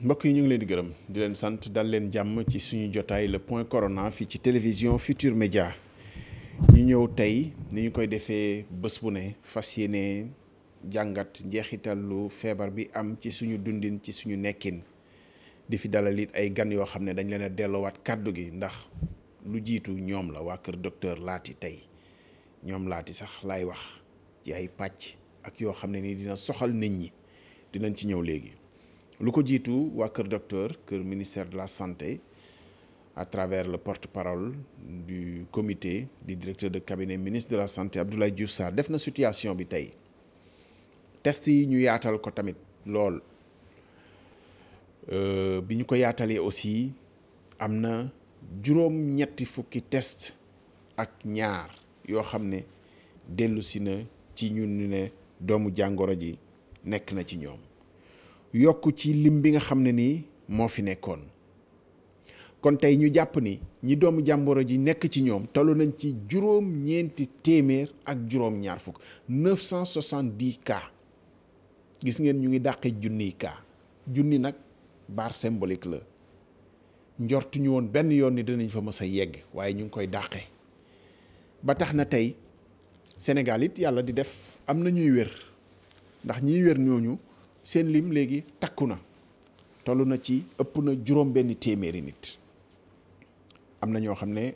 mbokk yi ñu ngi leen di gërëm di leen sant dal leen jàmm ci suñu jotaay le point corona fii ci télévision Futur Média ñu ñëw tey ni ñu koy defee bés bu ne fas yéene jàngat njeexital lu feebar bi am ci suñu dundin ci suñu nekkin di fi dalal ay gan yoo xam ne dañ leen dellowaat kàddu gi ndax lu jiitu ñoom la waa kër docteur laati tey ñoom laati sax laay wax ci ay pàcc ak yoo xam ne ni dina soxal nit ñi dinañ ci ñëw léegi lu ko jiitu waa kër docteur kër ministère de la santé à travers le porte-parole du comité du directeur de cabinet ministre de la santé Abdoulaye Diouf Sarr def na situation bi tey test yi ñu yaatal ko tamit lool euh, bi ñu ko yaatalee aussi am na juróom-ñetti fukki test ak ñaar yoo xam ne dellusi na ci ñun ne doomu jàngoro ji nekk na ci ñoom yokk ci lim bi nga xam ne nii moo fi nekkoon kon tey ñu jàpp ni ñi doomu jàmboro ji nekk ci ñoom tollu nañ ci juróom ñeenti téeméer ak juróom ñaar fukk 970 gis ngeen ñu ngi dàqe junniy cas junni nag baar symbolique la njortuñu woon benn yoon ni dinañ fa mas a yegg waaye ñu ngi koy dàqe ba tax na tey Sénégal it yàlla di def am na ñuy wér ndax ñiy wér ñooñu seen lim léegi takku na tollu na ci ëpp na juróom benn téeméeri nit am na ñoo xam ne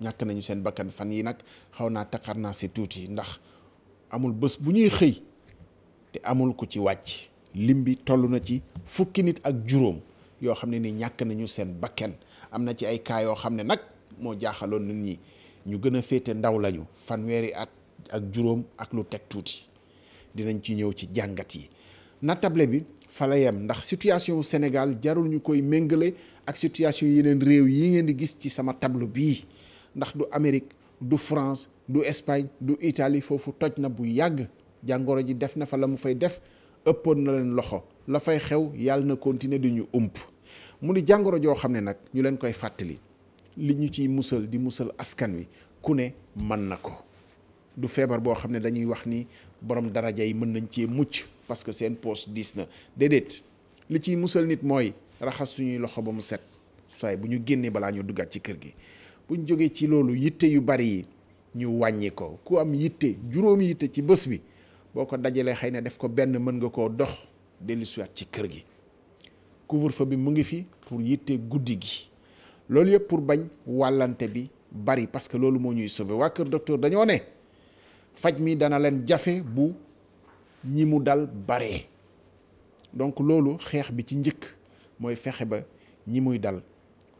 ñàkk nañu seen bakkan fan yi nag xaw naa taqar naa si tuuti ndax amul bés bu ñuy xëy te amul ko ci wàcc lim bi toll na ci fukki nit ak juróom yoo xam ne ni ñàkk nañu seen bakken am na ci ay cas yoo xam ne nag moo jaaxaloon nit ñi ñu gën a féete ndaw lañu fanweeri at ak juróom ak lu teg tuuti dinañ ci ñëw ci jàngat yi table bi fala yem ndax situation Sénégal jarul ñu koy méngale ak situation yeneen réew yi ngeen di gis ci sama table bii ndax du Amérique du France du Espagne du itali foofu toj na bu yàgg jàngoro ji def na fa la mu fay def ëppoon na leen loxo la fay xew yàlla na continuer di ñu ump mu ni jàngoro joo xam ne nag ñu leen koy fàttali li ñu ciy musal di musal askan wi ku ne mën na ko du feebar boo xam ne dañuy wax ni borom daraja yi mën nañ cee mucc parce que seen poche diis na déedéet li ciy musal nit mooy raxas suñuy loxo ba mu set saay bu ñu génnee balaa ñu duggaat ci kër gi bu ñu jógee ci loolu yitte yu bari yi ñu wàññi ko ku am yitte juróomi yitte ci bés bi boo ko dajalee xëy na def ko benn mën nga koo dox dellusiwaat ci kër gi couvre-feu bi mu ngi fi pour yitte guddi gi loolu yëpp pour bañ wàllante bi bari parce que loolu moo ñuy sauver waa kër docteur dañoo ne faj mi dana leen jafe bu ñi mu dal baree donc loolu xeex bi ci njëkk mooy fexe ba ñi muy dal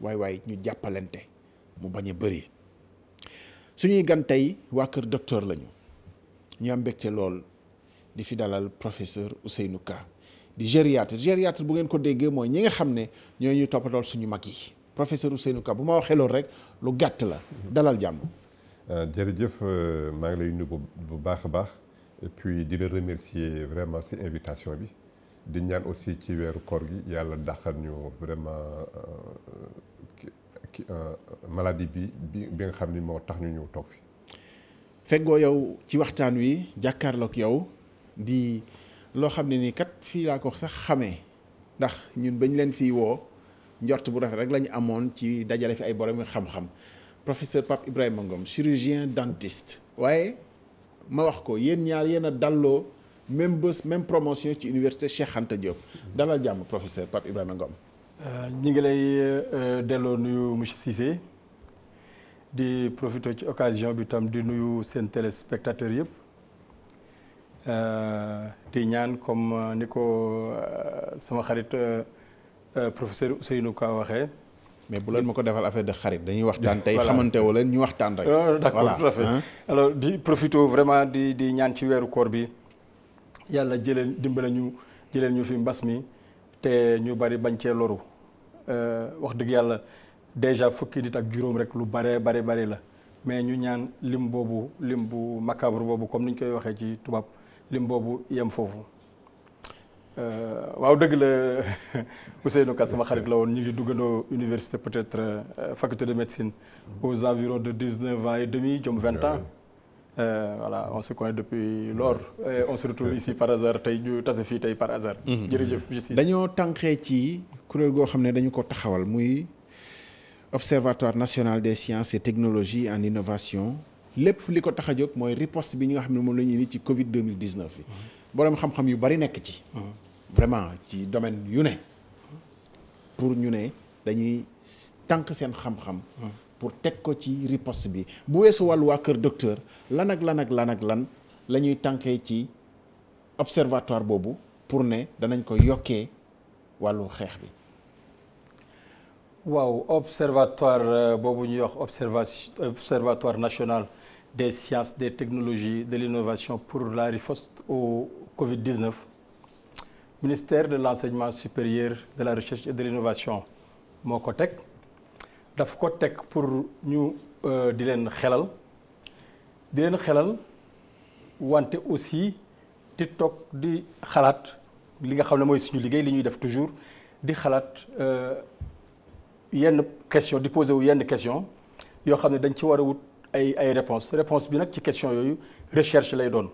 waay waay ñu jàppalante mu bañ a bëri suñuy gan tey waa kër docteur lañu ñu am mbégte lool di fi dalal professeur Ousseynou Ka di gériatre gériatre bu ngeen ko déggee mooy ñi nga xam ne ñoo ñuy toppatool suñu mag yi professeur Ousseynou Ka bu ma waxee loolu rek lu gàtt la dalal jàmm euh, jërëjëf euh, maa ngi lay nuyu bu baax a baax et puis di la remercier vraiment si invitation bi di ñaan aussi ci weeru koor gi yàlla dàqal ñu vraiment euh, maladie bi bi bi nga xam ni moo tax ñu ñëw toog fi feggoo yow ci waxtaan wi jàkkaarloog yow di loo xam ne nii kat fii laa ko sax xame ndax ñun bañ leen fii woo njort bu rafet rek la amoon ci dajale fi ay borom xam-xam professeur Pape Ibrahima Ngom chirurgien dentiste. waaye ma wax ko yéen ñaar yéen a dalloo même bés même promotion ci université Cheikh Anta Diop dalal jàmm professeur Pape Ibrahima Ngom. ñi ngi lay euh, delloo nuyu monsieur Cissé di profité ci occasion bi tam di nuyu seen téléspectateurs yëpp. Euh, di ñaan comme euh, ni ko euh, sama xarit professeur Ousseynou Ka waxee. mais bu leen ma ko defal affaire de xarit dañuy waxtaan tey xamante wu leen ñu waxtaan rek. d'accord tout à fait alors di profité vraiment di di ñaan ci weeru koor bi yàlla jëleen dimbale ñu jëleen ñu fi mbas mi te ñu bari bañ cee loru wax dëgg yàlla déjà fukki nit ak juróom rek lu bare bare bare la mais ñu ñaan lim boobu lim bu macabre boobu comme ni ñu koy waxee ci tubaab. lim boobu yem foofu euh, waaw dëgg la Ousseynou Ka sama xarit la woon ñu ngi duggandoo université peut-être euh, faculté de médecine aux environs de dix-neuf ans et demi jëm vingt ans Euh, voilà on se connaît depuis lors et on tey ñu tase fii tey par hasard. Mhm. jërëjëf justice. dañoo tànqee ci kuréel goo xam ne dañu ko taxawal muy observatoire national des sciences et technologies en innovation lépp li ko tax a jóg mooy riposte bi ñi nga xam ne moom la ñuy indi ci Covid 2019 bi boroom xam-xam yu bari nekk ci. vraiment ci domaine yu ne pour ñu ne dañuy tànk seen xam-xam. pour teg ko ci riposte bi bu weesu wàllu waa kër docteur lan ak lan ak lan ak lan la ñuy tànkee ci observatoire boobu pour ne danañ ko yokkee wàllu xeex bi. waaw observatoire euh, boobu ñuy wax observa observatoire national. des sciences, des technologie de l'innovation pour la riposte au Covid-19, ministère de l'enseignement supérieur, de la recherche et de l'innovation moo ko teg daf ko teg pour ñu euh, di leen xelal di leen xelal wante aussi di toog di xalaat li nga xam ne mooy suñu liggéey li ñuy def toujours di xalaat euh, yenn question di poser wu yenn question yoo xam ne dañ ci war a wut ay ay réponse réponse bi nag ci question yooyu recherche lay doon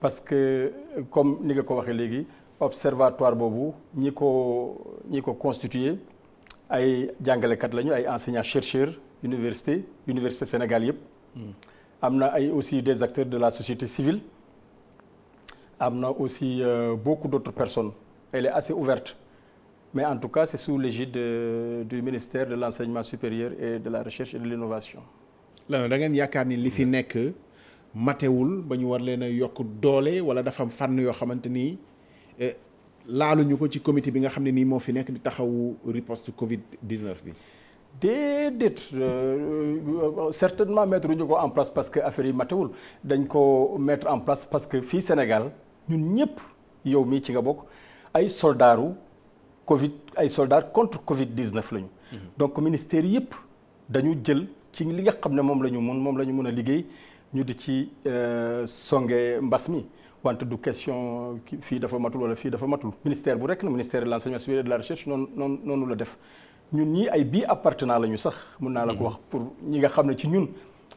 parce que euh, comme ni nga ko waxee léegi observatoire boobu ñi ko ñi ko constitué ay jàngalekat lañu ay enseignants chercheurs université université Sénégal yëpp hmm. am na ay aussi des acteurs de la société civile am na aussi euh, beaucoup d' autres personnes elle est assez ouverte mais en tout cas c'est sous l'égide euh, du ministère de l'enseignement supérieur et de la recherche et de l'innovation lan da ngeen yaakaar ni li fi mm-hmm. nekk matewul ba ñu war leen a yokk doole wala dafa am fànn yoo xamante ni eh, laaluñu ko ci comité bi nga xam ne nii moo fi nekk di taxawu riposte Covid 19 bi. déedéet euh, certainement mettre ñu ko en place parce que affaire yi matewul dañ ko mettre en place parce que fii Sénégal ñun ñëpp yow mii ci nga bokk ay soldaaru Covid ay soldats contre Covid 19 lañu. Mm-hmm. donc ministère yëpp dañu jël. ci li nga xam ne moom la ñu mun moom la ñu mun a liggéey ñu di ci euh, songe mbas mi wante du question fii dafa matul wala fii dafa matul ministère bu rek na ministère de l'enseignement supérieur de la recherche noonu noonu noonu la def ñun ñii ay bii appartenant la ñu sax mun naa la ko mm-hmm. wax pour ñi nga xam ne ci ñun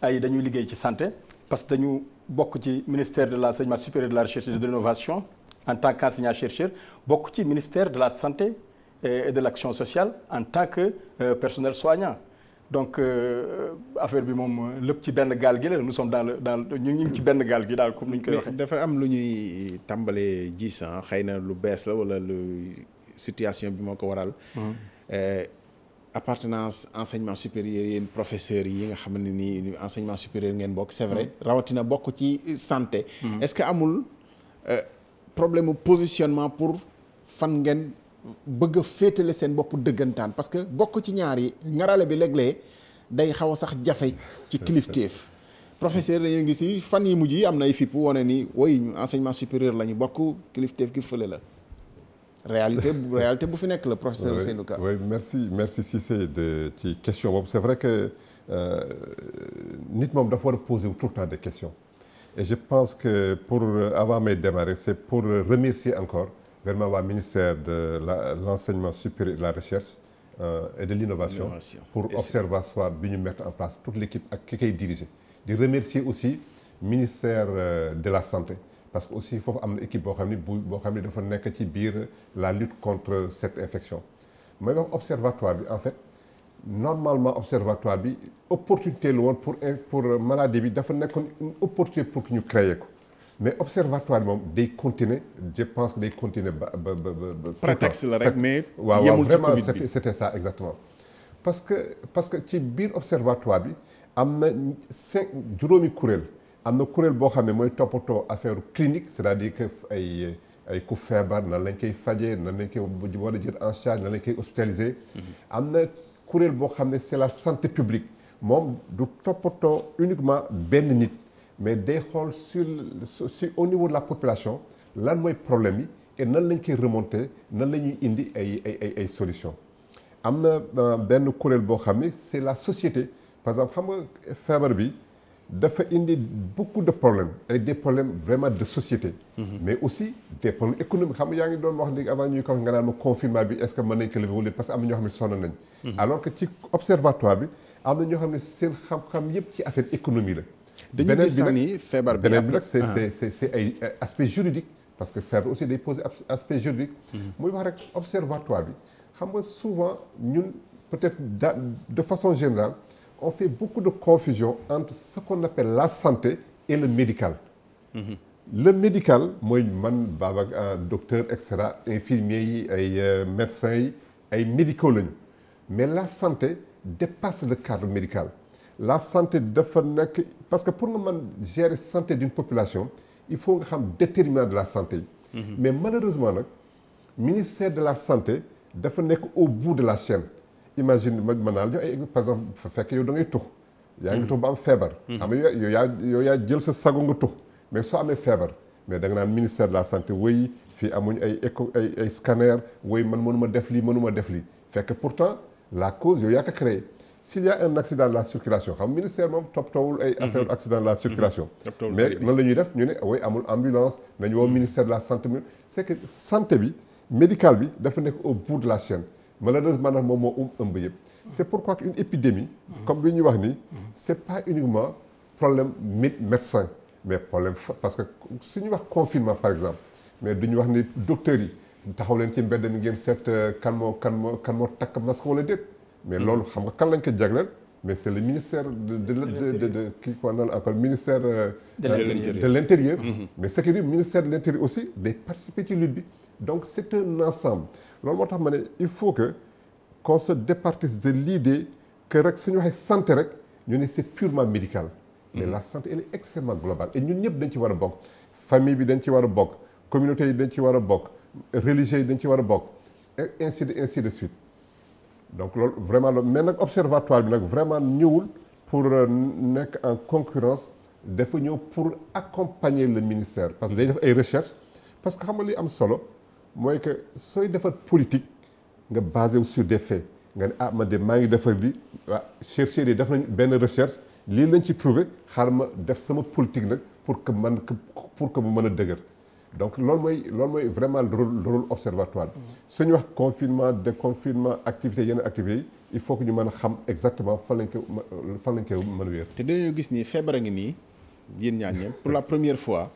ay dañuy liggéey ci santé parce que dañu bokk ci ministère de l'enseignement supérieur de la recherche de l'innovation en tant qu'enseignant chercheur bokk ci ministère de la santé et de sociale en tant que euh, personnel soignant donc euh, affaire bi moom lépp ci benn gaal gi la nous sommes daal le dans ñu ngi ci benn gaal gi daal comme ni ñu koy dafa am lu ñuy tàmbalee ji san xëy na lu bees la wala lu situation bi moo ko waral. Mhm. Euh, apartenance enseignement supérieur yéen professeurs yi nga xam ni nii enseignement supérieur ngeen bokk c'est vrai mhm. rawatina bokk ci santé. Mhm. est-ce que amul euh, problème positionnement pour fan ngeen. bëgg a féetale seen bopp dëggantaan parce que bokk ci ñaar yi ngarale bi léeg-léeg day xaw a sax jafe ci kilifteef professeur dañu ngi si fan yi mujj yi am na ay fipp wane nii woy enseignement supérieur la ñu bokk kilifteef gi fële la réalité réalité bu fi nekk la professeur Ousseynou Ka merci merci Cissé de ci question boobu c'est vrai que euh, nit moom dafa war a poser tout le temps des questions et je pense que pour euh, avant may démarrer c'est pour remercier encore vraiment waa ministère de l'enseignement supérieur et de la recherche euh, et de l'innovation pour observatoire bi ñu mettre en place toute l'équipe ak ki koy diriger di remercier aussi ministère euh, de la santé parce que aussi foofu am na équipe boo xam ni bu boo xam ne dafa nekk ci biir la lutte contre cette infection mooy wax observatoire bi en fait normalement observatoire bi opportunité la woon pour pour maladie bi dafa nekkoon une opportunité pour que ñu créer ko mais observatoire moom de continuer je pense que day continuer ba ba ba ba. la rek mais. waaw waaw vraiment c'était c'était ça exactement. parce que parce que ci biir observatoire bi am na cinq juróomi kuréel am na kuréel boo xam ne mooy toppatoo affaire clinique c'est-à-dire que ay ay feebar nan lañ koy fajee nan lañ koy war a jël en charge nan lañ koy hospitaliser. Mm-hmm. am na kuréel boo xam ne c'est la santé publique moom du toppatoo uniquement benn nit. mais day xool sur si au niveau de la population lan mooy problème yi et nan lañ koy remonter nan la ñuy indi ay ay ay solution am na euh, benn kuréel boo xam ne c'est la société par exemple xam nga feebar bi dafa indi beaucoup de problèmes et des problèmes vraiment de société mhm. mais aussi des problèmes économiques xam nga yaa wax léegi avant ñuy ko nga naan ma confinement bi est-ce que mën nañ ko lever wala parce que am na ñoo xam ne sonn nañ mhm. alors que ci observatoire bi am na ñoo xam ne seen xam-xam yëpp ci affaire économie la dañuy gis sax ni feebar bi beneen bi nag c' ah. ay euh, aspect juridique parce que feebar aussi day poser aspect juridique muy mm-hmm. wax rek observatoire bi xam nga souvent ñun peut-être de façon générale on fait beaucoup de confusion entre ce qu'on appelle la santé et le médical mm-hmm. le médical mooy man Baba euh, docteur et cetera infirmier yi ay euh, médecins yi ay médicaux lañu mais la santé dépasse le cadre médical la santé dafa nekk parce que pour nga man gérer santé d'une population il faut nga xam déterminant de la santé yi mhm. mais malheureusement nag ministère de la santé dafa nekk au bout de la chaîne imagine ma mën naa la jox ay par exemple fa fekk yow da ngay tux yaa ngi mhm. tux ba feebar mhm. xam nga yow yow yaa jël sa sago nga tux mais soo amee feebar mais da nga naan ministère de la santé woy fii amuñ ay écho ay ay scanner woy man mënuma def lii mënuma def lii fekk pourtant la cause yow yaa ko s'il y a un accident de la circulation xam ministère moom toppatoowul ay affaire mhm. accident de la circulation mhm. mais lan la def ñu ne oui amul ambulance nañu woo mhm. ministère de la santé c'est que santé bi médical bi dafa nekk au bout de la chaîne malheureusement nag moom moo um ëmb yëpp c'est pourquoi une épidémie comme li ñuy wax nii c'est pas uniquement problème médecin mais problème parce que suñuy wax confinement par exemple mais du duñu wax ni docteurs yi taxaw leen ci mbedd mi ngeen seet euh, kan moo kan moo kan moo takk masque wala déet mais hmm. loolu xam nga kan lañ ko jagleel mais c'est le ministère de de de de kii quoi nan appelle ministère. Euh, euh, de l'intérieur hmm. mais c'est que ni ministère de l'intérieur aussi day participer ci lutte bi donc c'est un loolu moo tax ma ne il faut que qu'on se départisse de l'idée que rek suñu waxee santé rek ñu ne c'est purement médical mais hmm. la santé elle est extrêmement globale et ñun ñëpp dañ ci war a bokk famille bi dañ ci war a bokk communauté yi dañ ci war a bokk religieux yi dañ ci war a bokk ainsi de donc loolu vraiment loolu mais nag observatoire bi nag vraiment ñëwul pour euh, nekk en concurrence dafa ñëw pour accompagner le ministère parce que day def ay recherche parce que xam nga luy am solo mooy que sooy defar politique nga basé wu sur des faits nga ne ah ma de maa ngi defar li waa chercheurs yi def nañ benn recherche lii lañ ci trouvé xaar ma def sama politique nag pour que man pour que mu mën a dëgër donc loolu mooy loolu mooy vraiment le rôle le rôle observatoire bi. su ñu wax confinement déconfinement activité yenn activités yi il faut que ñu mën a xam exactement fan lañ koy fan lañ koy mën a wéer. te dañoo gis ni feebar a ngi nii yéen ñaar ñëpp pour la première fois.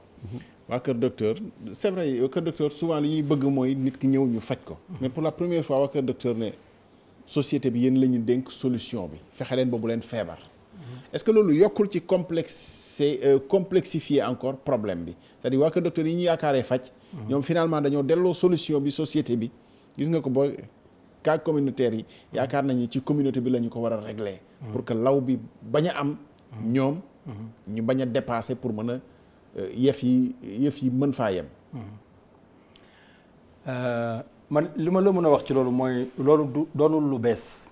waa Kër Docteur c'est vrai Kër Docteur souvent li ñuy bëgg mooy nit ki ñëw ñu faj ko. mais pour la première fois waa Kër Docteur ne société bi yéen la ñu dénk solution bi fexe leen boobu leen feebar. est-ce que loolu yokkul ci complexe euh, complexifier encore problème bi c'est-à-dire waa yi ñu yaakaaree faj. ñoom finalement dañoo delloo solution bi société bi gis nga ko ba cas communautaire yi yaakaar nañu ci communauté bi la ñu ko war a régler. pour que law bi bañ a am. ñoom ñu bañ a dépasser pour mën a euh, yëf yi yëf yi mën faa yem. Euh, man li ma la mën a wax ci loolu mooy loolu du doonul lu bees.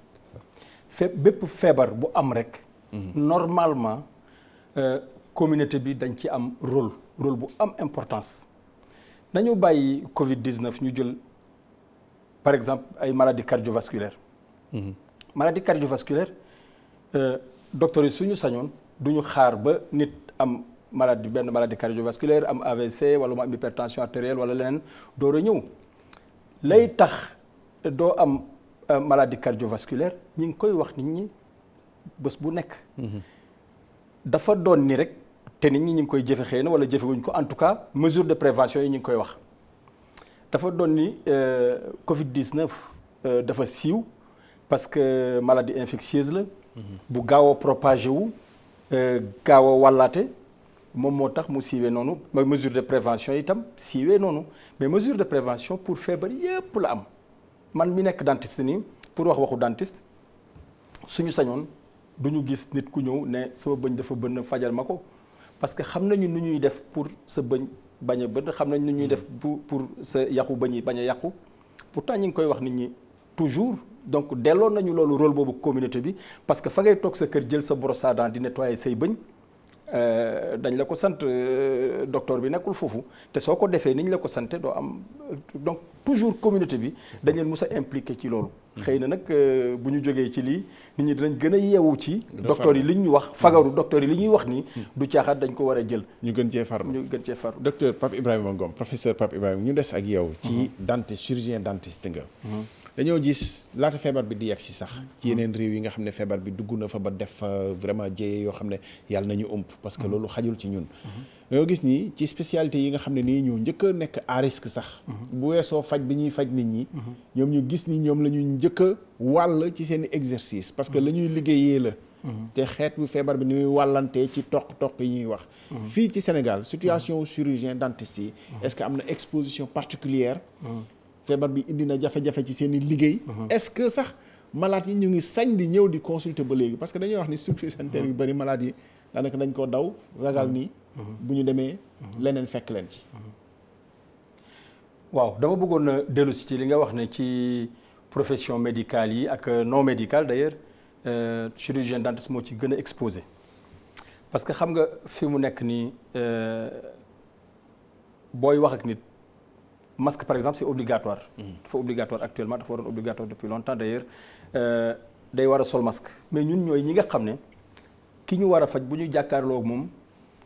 fépp bépp feebar bu am rek. normalement euh, communauté bi dañ ci am rôle rôle bu am importance nañu bàyyi Covid 19 ñu jël par exemple ay maladies cardiovasculaires. Mmh. maladie cardiovasculaire euh, docteur yi suñu sañoon du ñu xaar ba nit am maladie benn maladie cardiovasculaire am AVC wala mu am hypertension artérielle wala leneen door a ñëw lay tax doo am euh, maladie cardiovasculaire ñi ngi koy wax nit ñi bës bu nekk. dafa doon ni rek te nit ñi ñu ngi koy jëfe xëy na wala jëfewuñ ko en tout cas mesure de prévention yi ñu ngi koy wax. dafa doon ni euh, Covid 19 euh, dafa siiw parce que maladie infectieuse la. bu gaaw a propagé wu. Euh, gaaw a wàllaate moom moo tax mu siiwee noonu mooy mesure de prévention itam siiwee noonu mais mesure de prévention pour feebar yépp la am man mi nekk dentiste nii pour wax waxu dentiste suñu sañoon. du ñu gis nit ku ñëw ne sama bëñ dafa bënn fajal ma ko parce que xam nañu nu ñuy def pour sa bëñ bañ a bënn xam nañ nu ñuy def pour mm-hmm. pour sa yàqu bëñ yi bañ a yàqu pourtant ñu ngi koy wax nit ñi toujours donc delloo nañu loolu rôle boobu communauté bi parce que fa ngay toog sa kër jël sa brosse à dents di nettoyer say bëñ Euh, dañ la ko sant euh, docteur bi nekkul foofu te soo ko defee ni ñu la ko sante doo am donc toujours communauté bi dañ leen mus a impliqué ci loolu. xëy na nag euh, bu ñu jógee ci lii nit ñi dinañ gën a yeewu ci. Mmh. docteur yi li ñuy wax fagaru docteur yi li ñuy wax ni. du caaxaat dañ ko war a jël. ñu gën cee far ñu gën cee farlu. docteur Pape Ibrahima Ngom professeur Pape Ibrahima ñu des ak yow. ci mmh. dentiste chirurgien dentiste nga. Mmh. dañoo gis laata feebar bi di yegg si sax ci yeneen réew yi nga xam ne feebar bi dugg na fa ba def vraiment jéye yoo xam ne yàlla nañu ëmp parce que mm-hmm. loolu xajul ci ñun mm-hmm. dañoo gis ni ci spécialité yi xam ne nii ñoo njëkk a nekk à risque sax mm-hmm. bu weesoo faj bi ñuy faj nit ñi ñoom ñu gis ni ñoom la ñuy njëkk a wàll ci seen exercice parce que la ñuy liggéeyee la te xeet bu feebar bi ni muy wàllantee ci toq-toq yi ñuy wax fii ci Sénégal situation chirurgien dentiste yi est-ce que am na exposition particulière feebar bi indi na jafe-jafe ci seen i liggéey. Uh-huh. est-ce que sax malade yi ñu ngi sañ di ñëw di consulter ba léegi parce que dañuy wax ni structure sanitaire yu uh-huh. bëri malade yi daanaka dañ koo daw ragal ni. Uh-huh. bu ñu demee leneen fekk leen ci. waaw dama bëggoon a dellu si ci li nga wax ne ci profession médicale yi ak non médicale d'ailleurs euh, chirurgien dentiste moo ci gën a exposé parce que xam nga fi mu nekk nii euh, booy wax ak nit. masque par exemple c'est obligatoire. dafa obligatoire actuellement dafa waroon obligatoire depuis euh, day war a sol masque mais ñun ñooy ñi nga xam ne ki ñu war a faj bu ñu jàkkaarloo moom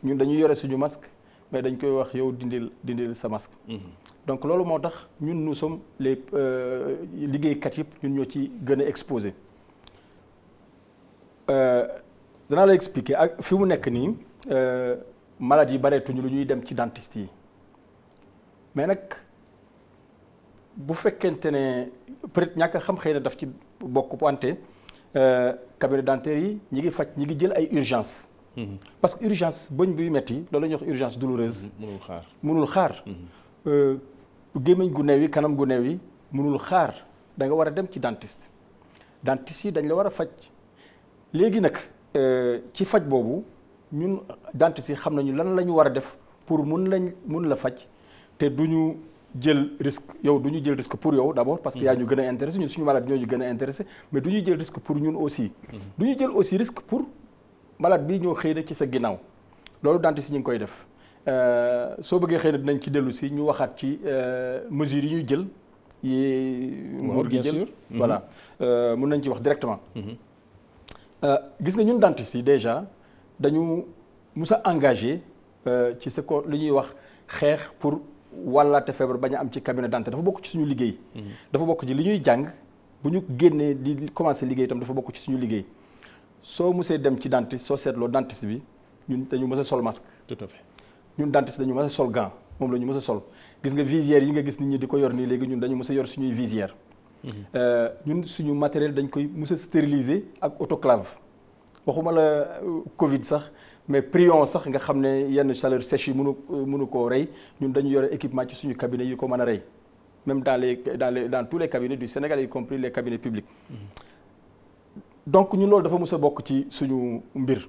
ñun dañu yore suñu masque mais dañ koy wax yow dindil dindil sa masque. Mm-hmm. donc loolu moo tax ñun nu sommes les euh, liggéeykat yëpp ñun ñoo ci gën a exposé euh, danaa la expliquer ak fi mu nekk nii malade yi bareetuñu lu ñuy dem ci dentiste yi mais nag. bu fekkente ne peut être ñàkk xam xëy na daf ci bokk wante euh, cabinet dentaire yi ñi ngi faj ñi ngi jël ay urgence mhm. parce que urgence bëñ buy metti loolu la ñuy wax urgence douloureuse mhm. mënul xaar mënul xaar mhm. euh, gémmiñ gu neew yi kanam gu neew yi mënul xaar da nga war a dem ci dentiste dentiste yi dañ la war a faj léegi nag euh, ci faj boobu ñun dentiste yi xam nañu lan la ñu war a def pour mun lañ mun la faj te duñu jël risque yow du ñu jël risque pour yow d' parce que yaa ñu mhm. gën a intéressé ñun suñu malade ñoo gën a intéressé mais du ñu jël risque pour ñun aussi mhm. du ñu jël aussi risque pour malade bi ñoo xëy na ci sa ginnaaw loolu dentiste si ñu ngi koy def euh, soo bëggee xëy na dinañ ci dellu waxaat ci euh, mesures yi ñuy jël yi nguur gi jël mhm. voilà euh, mun nañ ci wax directement gis nga ñun dentiste yi déjà dañu mus engagé ci sa ko lu ñuy wax xeex pour wala te feebar bañ am ci cabinet dentaire dafa bokk ci suñu liggéey. dafa bokk ci li ñuy jàng bu ñu génnee di commencé liggéey tam dafa bokk ci suñu liggéey soo musee dem ci dentiste soo seetloo dentiste bi ñun dañu mës a sol masque. tout à fait ñun dentiste dañu mës sol gant moom la ñu mës a sol gis nga visière yi nga gis nit ñi di ko yor nii léegi ñun dañu mës a yor suñuy visière. Mm-hmm. Euh, ñun suñu matériel dañ koy mës a stériliser ak autoclave waxuma la euh, Covid sax. mais prion sax nga xam ne yenn chaleur sèche yi mënu mënu koo rey ñun dañu yore équipement ci suñu cabinet yu ko mën a rey même dans les dans les dans tous les du Sénégal y compris les cabinets publics donc ñun loolu dafa mës a bokk ci suñu mbir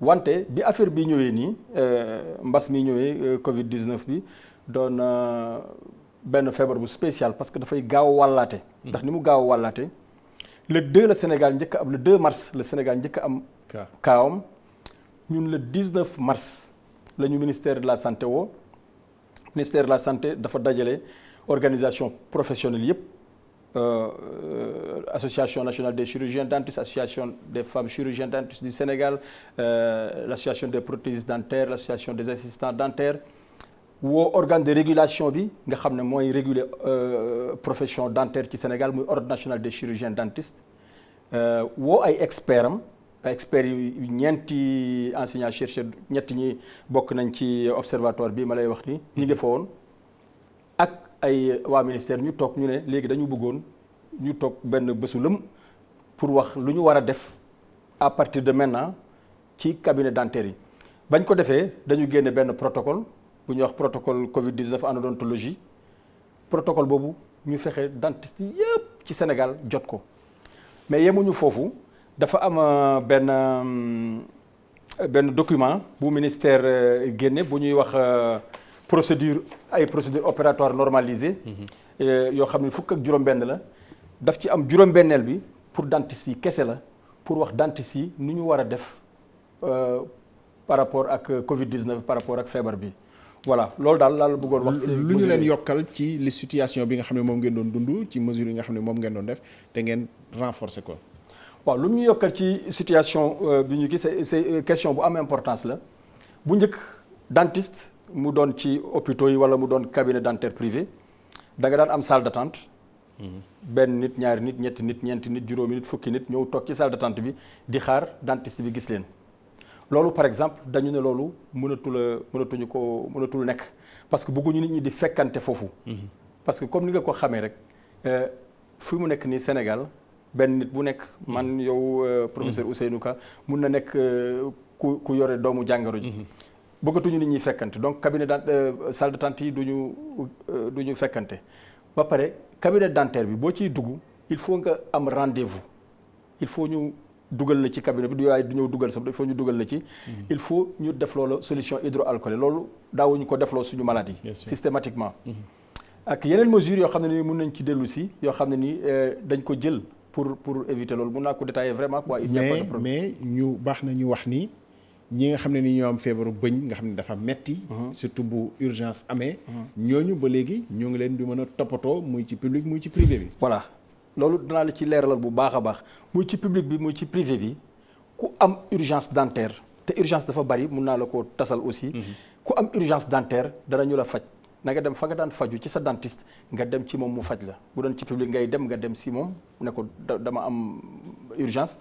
wante bi affaire bi ñëwee nii euh, mbas mi ñëwee euh, Covid 19 bi doon euh, benn feebar bu spécial parce que dafay gaaw wàllaate ndax ni mu gaaw wàllaate le 2 la Sénégal njëkk am le 2 mars le Sénégal njëkk am kaawam ñun le 19 mars la ñu ministère de la santé woo ministère de la santé dafa dajale organisation professionnelle yëpp euh, euh, association nationale des chirurgiens dentistes association des femmes chirurgiens dentistes du Sénégal euh, l' association des prothésistes dentaires l' association des assistants dentaires woo organe de régulation bi nga xam ne mooy réguler profession dentaire ci Sénégal muy ordre national des chirurgiens dentistes woo ay experts expert yu ñeenti enseignant chercheur ñett ñi bokk nañ ci observatoire bi ma lay wax ni ñu ngi fa woon ak ay waa ministère ñu toog ñu ne léegi dañu bëggoon ñu toog benn bësu lëm pour wax lu ñu war a def à partir de maintenant ci cabinet dentaire yi bañ ko defee dañu génne benn protocole bu ñuy wax protocole Covid 19 en odontologie protocole boobu ñu fexe dentiste yépp ci Sénégal jot ko mais yemuñu foofu. dafa am euh, benn euh, benn document bu ministère euh, génne bu ñuy wax procédure ay procédure opératoire normalisée mhm. yoo xam ne fukk ak juróom-benn la daf ci am juróom-benneel bi pour dentiste si kese la pour wax danti si nu ñu war a def par rapport ak Covid 19 par rapport ak feebar bi voilà loolu daal laa la bëggoon wax. lu ñu leen yokkal ci li situation bi nga xam ne moom ngeen doon dund ci mesure yi nga xam ne moom ngeen doon def te ngeen renforcer ko. waaw lu mu ñu yokkal ci situation euh, bi ñu gis c'est euh, question bu am importance la bu njëkk dentiste mu doon ci hôpitaux yi wala mu doon cabinet dentaire privé da nga daan am salle d'attente mhm. benn nit ñaari nit ñetti nit ñeenti nit juróomi nit fukki nit ñëw toog ci salle d'attente bi di xaar dentiste bi gis leen loolu par exemple dañu ne loolu mënatul mënatuñu ko mënatul nekk parce que bëgguñu nit ñi di fekkante foofu mhm. parce que comme ni nga ko xamee rek euh, fi mu nekk nii Sénégal benn nit bu nekk man hmm. yow euh, professeur hmm. Ousseynou Ka mun na nekk euh, ku ku yore doomu jàngoro ji hmm. bëggatuñu nit ñi fekkante donc cabinet euh, de salle d'attente yi du ñu fekkante ba pare cabinet dentaire bi boo ciy dugg il faut nga am rendez-vous il faut ñu dugal la ci cabinet bi du yaay du ñëw dugal sa il faut ñu dugal la ci. il faut ñu def loola solution hydroalcoolique loolu daawuñ ko defloo suñu maladie. systématiquement. ak yeneen mesures yoo xam ne ni mun nañ ci dellusi yoo xam ne ni dañ ko jël. pour pour éviter loolu mun naa ko détailler vraiment quoi. il n'y ñu baax na ñu wax ni ñi nga xam ne ni ñoo am feebaru bëñ nga xam ne dafa metti mhm. surtout bu urgence amee. Mhm. ñooñu ba léegi ñoo ngi leen di mën a toppatoo muy ci public muy ci privé bi. voilà loolu dinaa la ci leeralal bu baax a baax muy ci public bi muy ci privé bi ku am urgence dentaire te urgence dafa bari mun naa la ko tasal aussi. Mhm. ku am urgence dentaire danañu la faj. nanga dem fa nga daan faju ci sa dentiste nga dem ci moom mu faj la bu doon ci public ngay dem nga dem si moom ne ko dama am urgence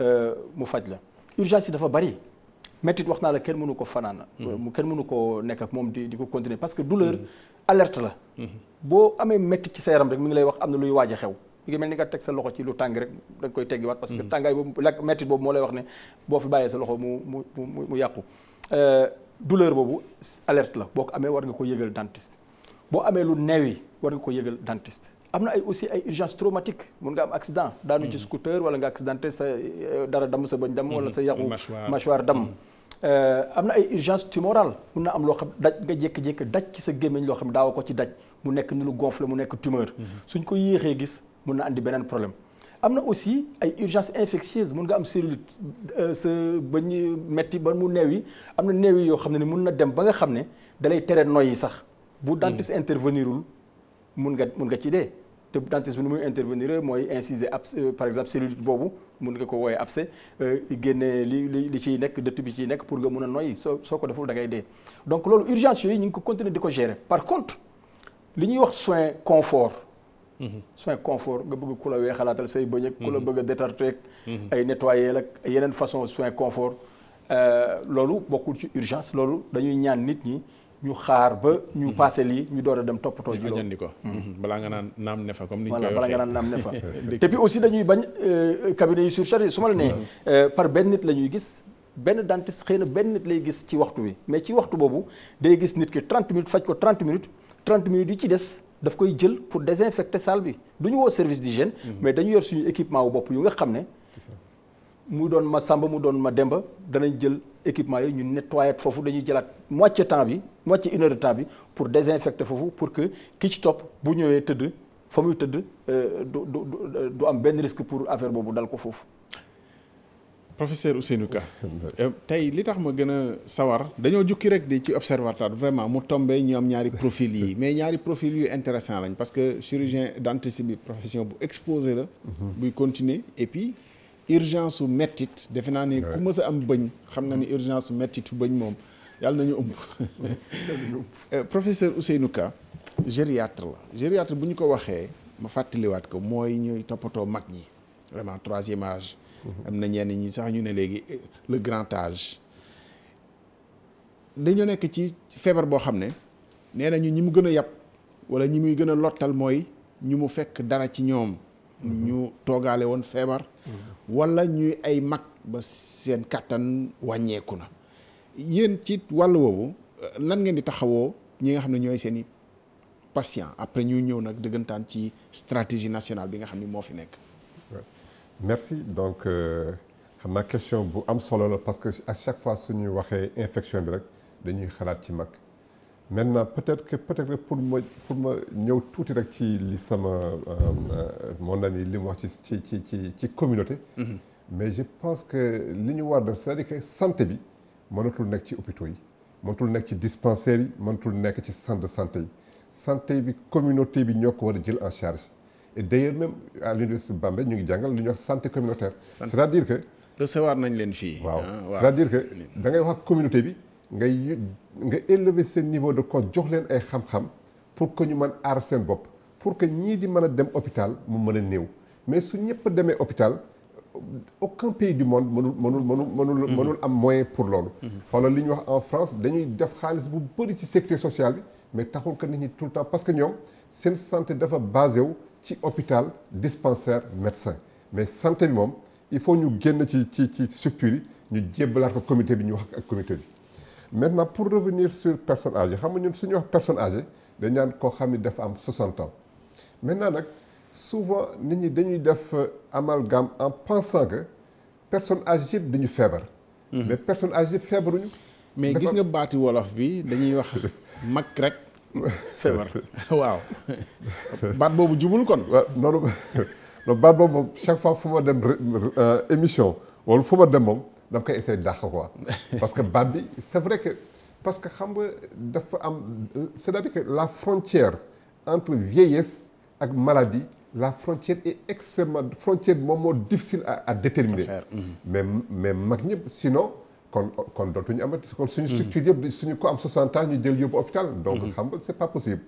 euh, mu faj la urgence yi dafa bari mettit wax naa la kenn mënu ko fanaan mhm. mu kenn mënu ko nekk moom di di ko continuer parce que douleur mhm. alerte la mhm. boo amee mettit ci sa yaram rek mu ngi lay wax am na luy waaj a xew mi ngi mel ni nga teg sa loxo ci lu tàng rek da nga koy teggiwaat parce que tàngaay boobu lekk mettit boobu moo lay wax ne boo fi bàyyee sa loxo mu mu mu mu yàqu euh, douleur boobu alerte la boo ko amee war nga ko yëgal dentiste boo amee lu neew yi war nga ko yëgal dentiste am na ay aussi ay urgence traumatique mun nga am accident daanu ci mhm. scooter wala nga accidenté sa euh, dara damm sa bañ damm wala mhm. sa yaqu mâchoire damm mhm. euh, am na ay urgence tumorale mun na am loo xam daj nga jékki-jékki daj ci sa gémmiñ loo xam daawa ko ci daj mu nekk ni lu gonfle mu nekk tumeur suñ ko yéexee gis mun na indi beneen problème am na aussi ay urgence infectieuse mun nga am cellulite euh, sa ba ñu metti ba mu néew yi am na néew yi yoo xam ne mun na dem ba nga xam ne dalay tere yi sax bu hmm. dentiste intervenirul mun nga mun nga ci dee te dentiste bi ni muy intervenir mooy inciser ab euh, par exemple cellulite boobu mun nga ko wooyee abcès euh, génne li li li ciy nekk dëtt bi ciy nekk pour nga mun a noyyi soo soo ko deful da ngay dee donc loolu urgence yooyu ñu ngi ko continuer di ko gérer par contre li ñuy wax soin confort Mm-hmm. soin confort nga bëgg ku la weexalaatal say bëñ ak ku la mm-hmm. bëgg a détartreek mm-hmm. ay nettoyer ak yeneen façon soin confort euh, loolu bokkul ci urgence loolu dañuy ñaan nit ñi ñu xaar ba ñu passé lii ñu door a dem toppatoo ji loolu di ko balaa nga naan naam ne fa comme ni ñu naan naam ne fa te puis aussi dañuy bañ euh, cabinet yi surchargé su ma la nee euh, par benn nit la ñuy gis benn dentiste xëy na benn nit lay gis ci waxtu wi mais ci waxtu boobu day gis nit ki 30 minutes faj ko 30 minutes 30 minutes yi ci des daf koy jël pour désinfecter salle bi du ñu woo service di d'hygiène mhm. mais dañu yor suñu équipement bopp yu nga xam ne mu doon ma Samba mu doon ma Demba danañ jël équipement yooyu ñu nettoyer foofu dañuy jëlaat moitié temps bi moitié une heure bi pour désinfecter foofu pour que ki ci topp bu ñëwee tëdd fa muy tëdd euh, du du du am benn risque pour affaire boobu dal ko foofu professeur Ousseynou Ka euh, tey li tax ma gën a sawar dañoo jukki rek di ci observatoire vraiment mu tombé ñu am ñaari profil yi mais ñaari profil yu intéressant lañ parce que chirurgien dentiste bi profession bu exposé la mhm. buy continuer et puis urgence su mettit defe naa ni ku mës am bëñ xam nga ni urgence su mettit bëñ moom yàlla nañu ëmb euh, professeur Ousseynou Ka gériatre la gériatre bu ñu ko waxee ma fàttaliwaat ko mooy ñuy toppatoo mag ñi vraiment troisième am na ñenn ñi sax ñu ne léegi eh, le grand âge dañoo nekk ci feebar boo xam ne nee nañu ñi mu gën a yàpp wala ñi muy gën a lottal mooy ñu mu fekk dara ci ñoom mm-hmm. ñu toogaale woon feebar mm-hmm. walla ñuy ay mag ba seen kàttan wàññeeku na yéen ci wàll woowu lan eh, ngeen di taxawoo ñi nga xam ne ñooy seen i patient après ñu ñëw nag dëggantaan ci stratégie nationale bi nga xam ne moo fi nekk merci donc euh, xam naa question bu am solo la parce que à chaque fois suñuy waxee infection bi rek dañuy xalaat ci mag maintenant peut-être que peut-être pour ma pour ma ñëw tuuti rek ci li sama euh, mon ami li mu wax ci ci ci ci ci communauté. Mhm. mais je pense que li ñu war def c'est-à-dire que santé bi mënatul nekk ci hôpitaux yi mënatul nekk ci dispensaires yi mënatul nekk ci centre de santé yi santé bi communauté bi ñoo ko war a jël en charge. et d'ailleurs même à l'université Bambey ñu ngi jàngal lu ñuy wax santé communautaire. c'est-à-dire que. recevoir nañ leen fii. waaw c'est-à-dire que da ngay wax communauté bi ngay nga élever seen niveau de con jox leen ay xam-xam pour que ñu man aar seen bopp pour que ñii di mën a dem hôpital mu mën a néew mais su ñëpp demee hôpital. aucun pays du monde mënul mënul mënul mënul mhm. mënul am moyen pour loolu mhm. xoolal li ñuy wax en France dañuy def xaalis bu bëri ci sécurité sociale bi mais taxul que nit ñi tout le parce que ñoom seen santé dafa basé wu ci hôpital dispensaire médecin mais santé bi moom il faut ñu génn ci ci ci structure yi ñu jébbalaat ko comité bi ñu wax ak comité bi maintenant pour revenir sur personne âgée xam nga ñun suñu wax personne âgée dañ naan koo xam ni dafa am 60 ans maintenant nag souvent nit ñi dañuy def euh, amalgame en pensant que personne âgée yëpp dañu feebar. Mhm. mais personne âgée yëpp feebaruñu. mais gis nga baati wolof bi dañuy wax mag rek. feebar waaw baat boobu jubul kon noonu noonu baat boobu moom chaque fois fu ma dem euh, émission wala fu ma dem moom dama koy essayer dàq quoi parce que baat bi c'est vrai que parce que xam nga dafa am c'est-à-dire que la frontière entre vieillesse ak maladie la frontière est extrêmement frontière moom moo difficile à, à déterminer mm-hmm. mais mais mag ñëpp sinon kon kon dootuñu amati kon suñu hmm. structure yëpp suñu ko am 60 ans ñu jël yóbbu hôpital hmm. donc xam nga c'est pas possible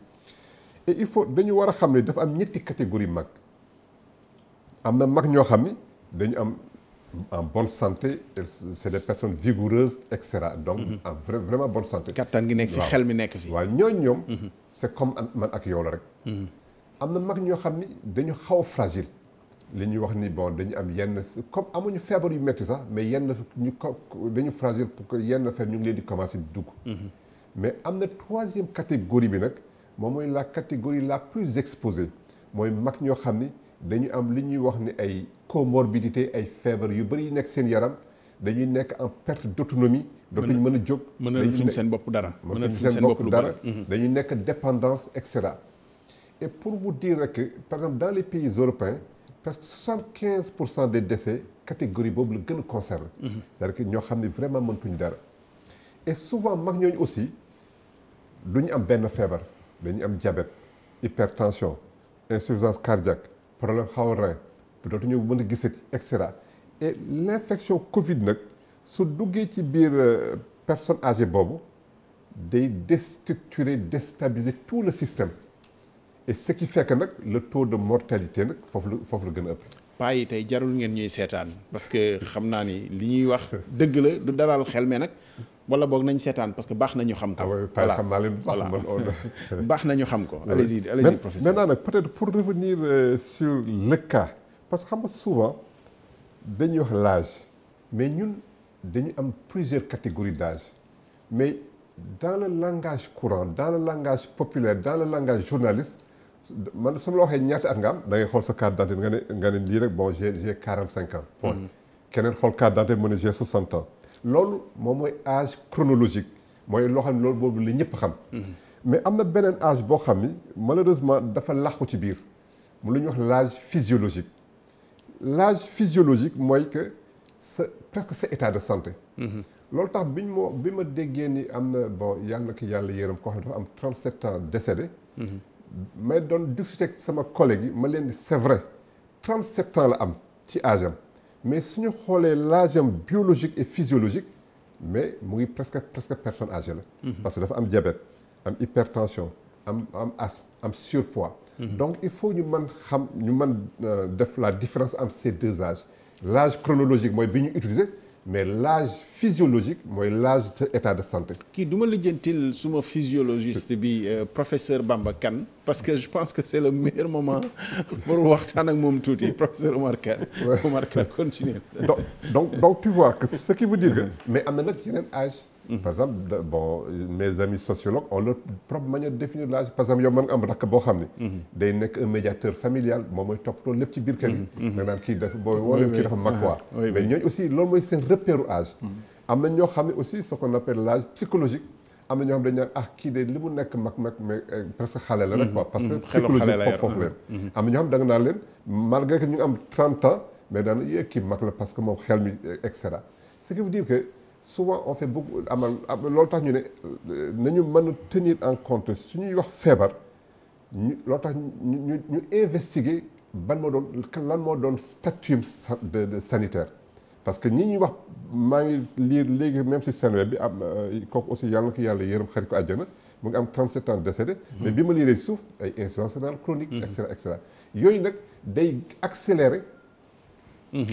et il faut dañu war a xam ne dafa am ñetti catégorie mag am na mag ñoo xam ni dañu am en bonne santé c'est des personnes vigoureuses et cetera donc hmm. en vraiment bonne santé kattan gi nekk fi xel mi nekk fi waaw ñooñu ñoom c'est comme man ak yow rek am na mag ñoo xam ni dañu xaw a fragile li ñuy wax ni bon dañu am yenn comme amuñu feebar yu métti sax mais yenn ñu dañu fragile pour yenn feebar ñu ngi leen di commencé dugg. Mm-hmm. mais am na troisième catégorie bi nag moom mooy la catégorie la plus exposée mooy mag ñoo xam ni dañu am li ñuy wax ni ay comorbidité ay feebar yu bëri yu nekk seen yaram dañuy nekk en perte d' autonomie. dootuñu mën a jóg mënatuñu seen bopp dara. mënatuñu seen bopp dara mm-hmm. dañuy nekk dépendance et cetera. pour vous dire que par exemple dans les pays parce que soixante quinze pour cent des décès catégorie boobu la gën a concerné. Mhm. cest ñoo xam ni vraiment mëntuñu dara. et souvent mag ñooñu aussi du ñu am benn feebar dañuy am diabète hypertension insuffisance cardiaque problème xaw rein dootuñu mën a gisati et cetera et l' Covid nag su duggee ci biir euh, personne age boobu day déstructurer déstabiliser tout le système. et ce qui nag le taux de foofu la foofu la gën a tey jarul ngeen ñuy seetaan parce que xam naa ni li ñuy wax dëgg la du dalal xel mais nag wala boog nañ seetaan parce que baax na ñu xam ko. Ah voilà oh baax na ñu xam ko. allez-y allez-y professeur maintenant nag peut-être pour revenir euh, cas parce que xam souvent dañuy wax l'âge mais ñun dañu am plusieurs catégories d'âge mais dans le langage courant dans le langage populaire dans le langage journaliste. man su ma la waxee ñaata at nga am da ngay xool sa carte d'identité nga ne nga ne lii rek bon j'ai j'ai quarante cinq ans point mm-hmm. keneen xool carte d'identité mu ne loolu moom mooy âge chronologique mooy loo xam loolu boobu li ñëpp xam mm-hmm. mais am na beneen âge boo xam ni malheureusement dafa làqu ci biir mu lu ñuy wax l'âge physiologique l'âge physiologique mooy que sa presque sa état de santé mm-hmm. loolu tax biñ moo bi ma déggee ni am na bon yàlla na ko yàlla yërëm ko xam ne dafa am trente sept ans décédé may doon discuter sama collègue yi ma leen di c'est vrai 37 la am ci âge am mais suñu xoolee l'âge am biologique et physiologique mais mu ngi presque presque personne âgée la. Mhm. parce que dafa am diabète am hypertension am am asthme am surpoids. Mhm. donc il faut ñu man xam ñu man euh, def la différence entre ces deux âges l'âge chronologique mooy bi ñu utiliser. mais l'âge physiologique mooy l'âge sa état de santé. kii du ma lijjantil suma physiologiste bi euh, professeur Bamba Kane parce que je pense que c'est le meilleur moment pour waxtaan ak moom tuuti professeur Omar Kane. Omar Kane continue. donc donc tu vois que ce qui veut dire que. mais am na nag yeneen âge. par exemple bon mes amis sociologues ont par exemple yow mën nga am rakk boo xam ne day nekk un médiateur familial moom mooy toppatoo mhm. mhm. ah, loolu mooy seen repéru mhm. am na ñoo xam ne aussi ce qu'on appelle l'âge psychologique na ñoo xam mu nekk leen am na ñoo xam da nga naan que ñu ngi am trente ans mais daana yéeg kii mag la parce que moom xel mi et cetera ce qui veut dire que souvent on fait beaucoup amal loolu tax ñu ne euh, nañu mën a tenir en compte suñuy wax feebar ñu loolu tax ñu ñu investiguer ban moo doon lan moo doon statut de sanitaire parce que ñi ñuy wax maa ngi liir léegi même si seen bi am euh, kooku aussi yàlla na ko yàlla yërëm xarit ko àjjana mu ngi am 37 ans décédé mmh. mais bi ma liiree suuf ay insuffisance rénale chronique mmh. et cetera et yooyu nag day accélérer mmh.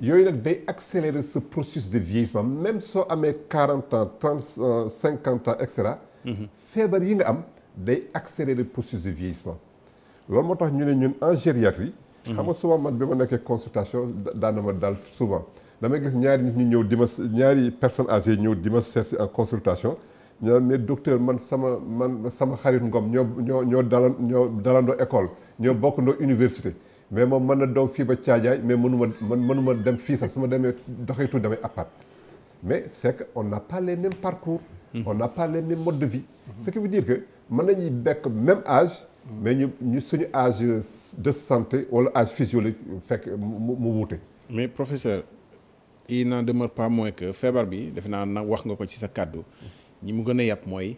yooyu nag day accélérer ce processus de vieillissement même soo amee quarante ans trente euh, cinquante ans et cetera. Mhm. feebar yi nga am day accélérer le processus de vieillissement. loolu moo tax ñu ne ñun en gériatrie. Mhm. xam nga souvent man bi ma nekkee consultation daan na ma daal souvent damay gis ñaari nit ñu ñëw di ma ñaari personnes âgées ñëw di ma seet en consultation ñu ne mais docteur man sama man sama xarit Ngom ñoo ñoo ñoo dalan ñoo dalandoo école ñoo bokkandoo université. mais moom mën na doog fii ba caajaay mais mënuma mënuma dem fii sax su ma demee doxee tuuti damay appaat mais c' est que on n'a pas les mêmes parcours mm-hmm. on n'a pas les mêmes modes de vie mm-hmm. ce qui veut dire que mën nañuy bekk même age mm-hmm. mais ñu ñu suñu âge de santé wala âge physiologique fekk mu wuute mais professeur il n'en demeure pas moins que feebar bi defe naa na wax nga ko ci sa kàddu ñi mu gën a yàpp mooy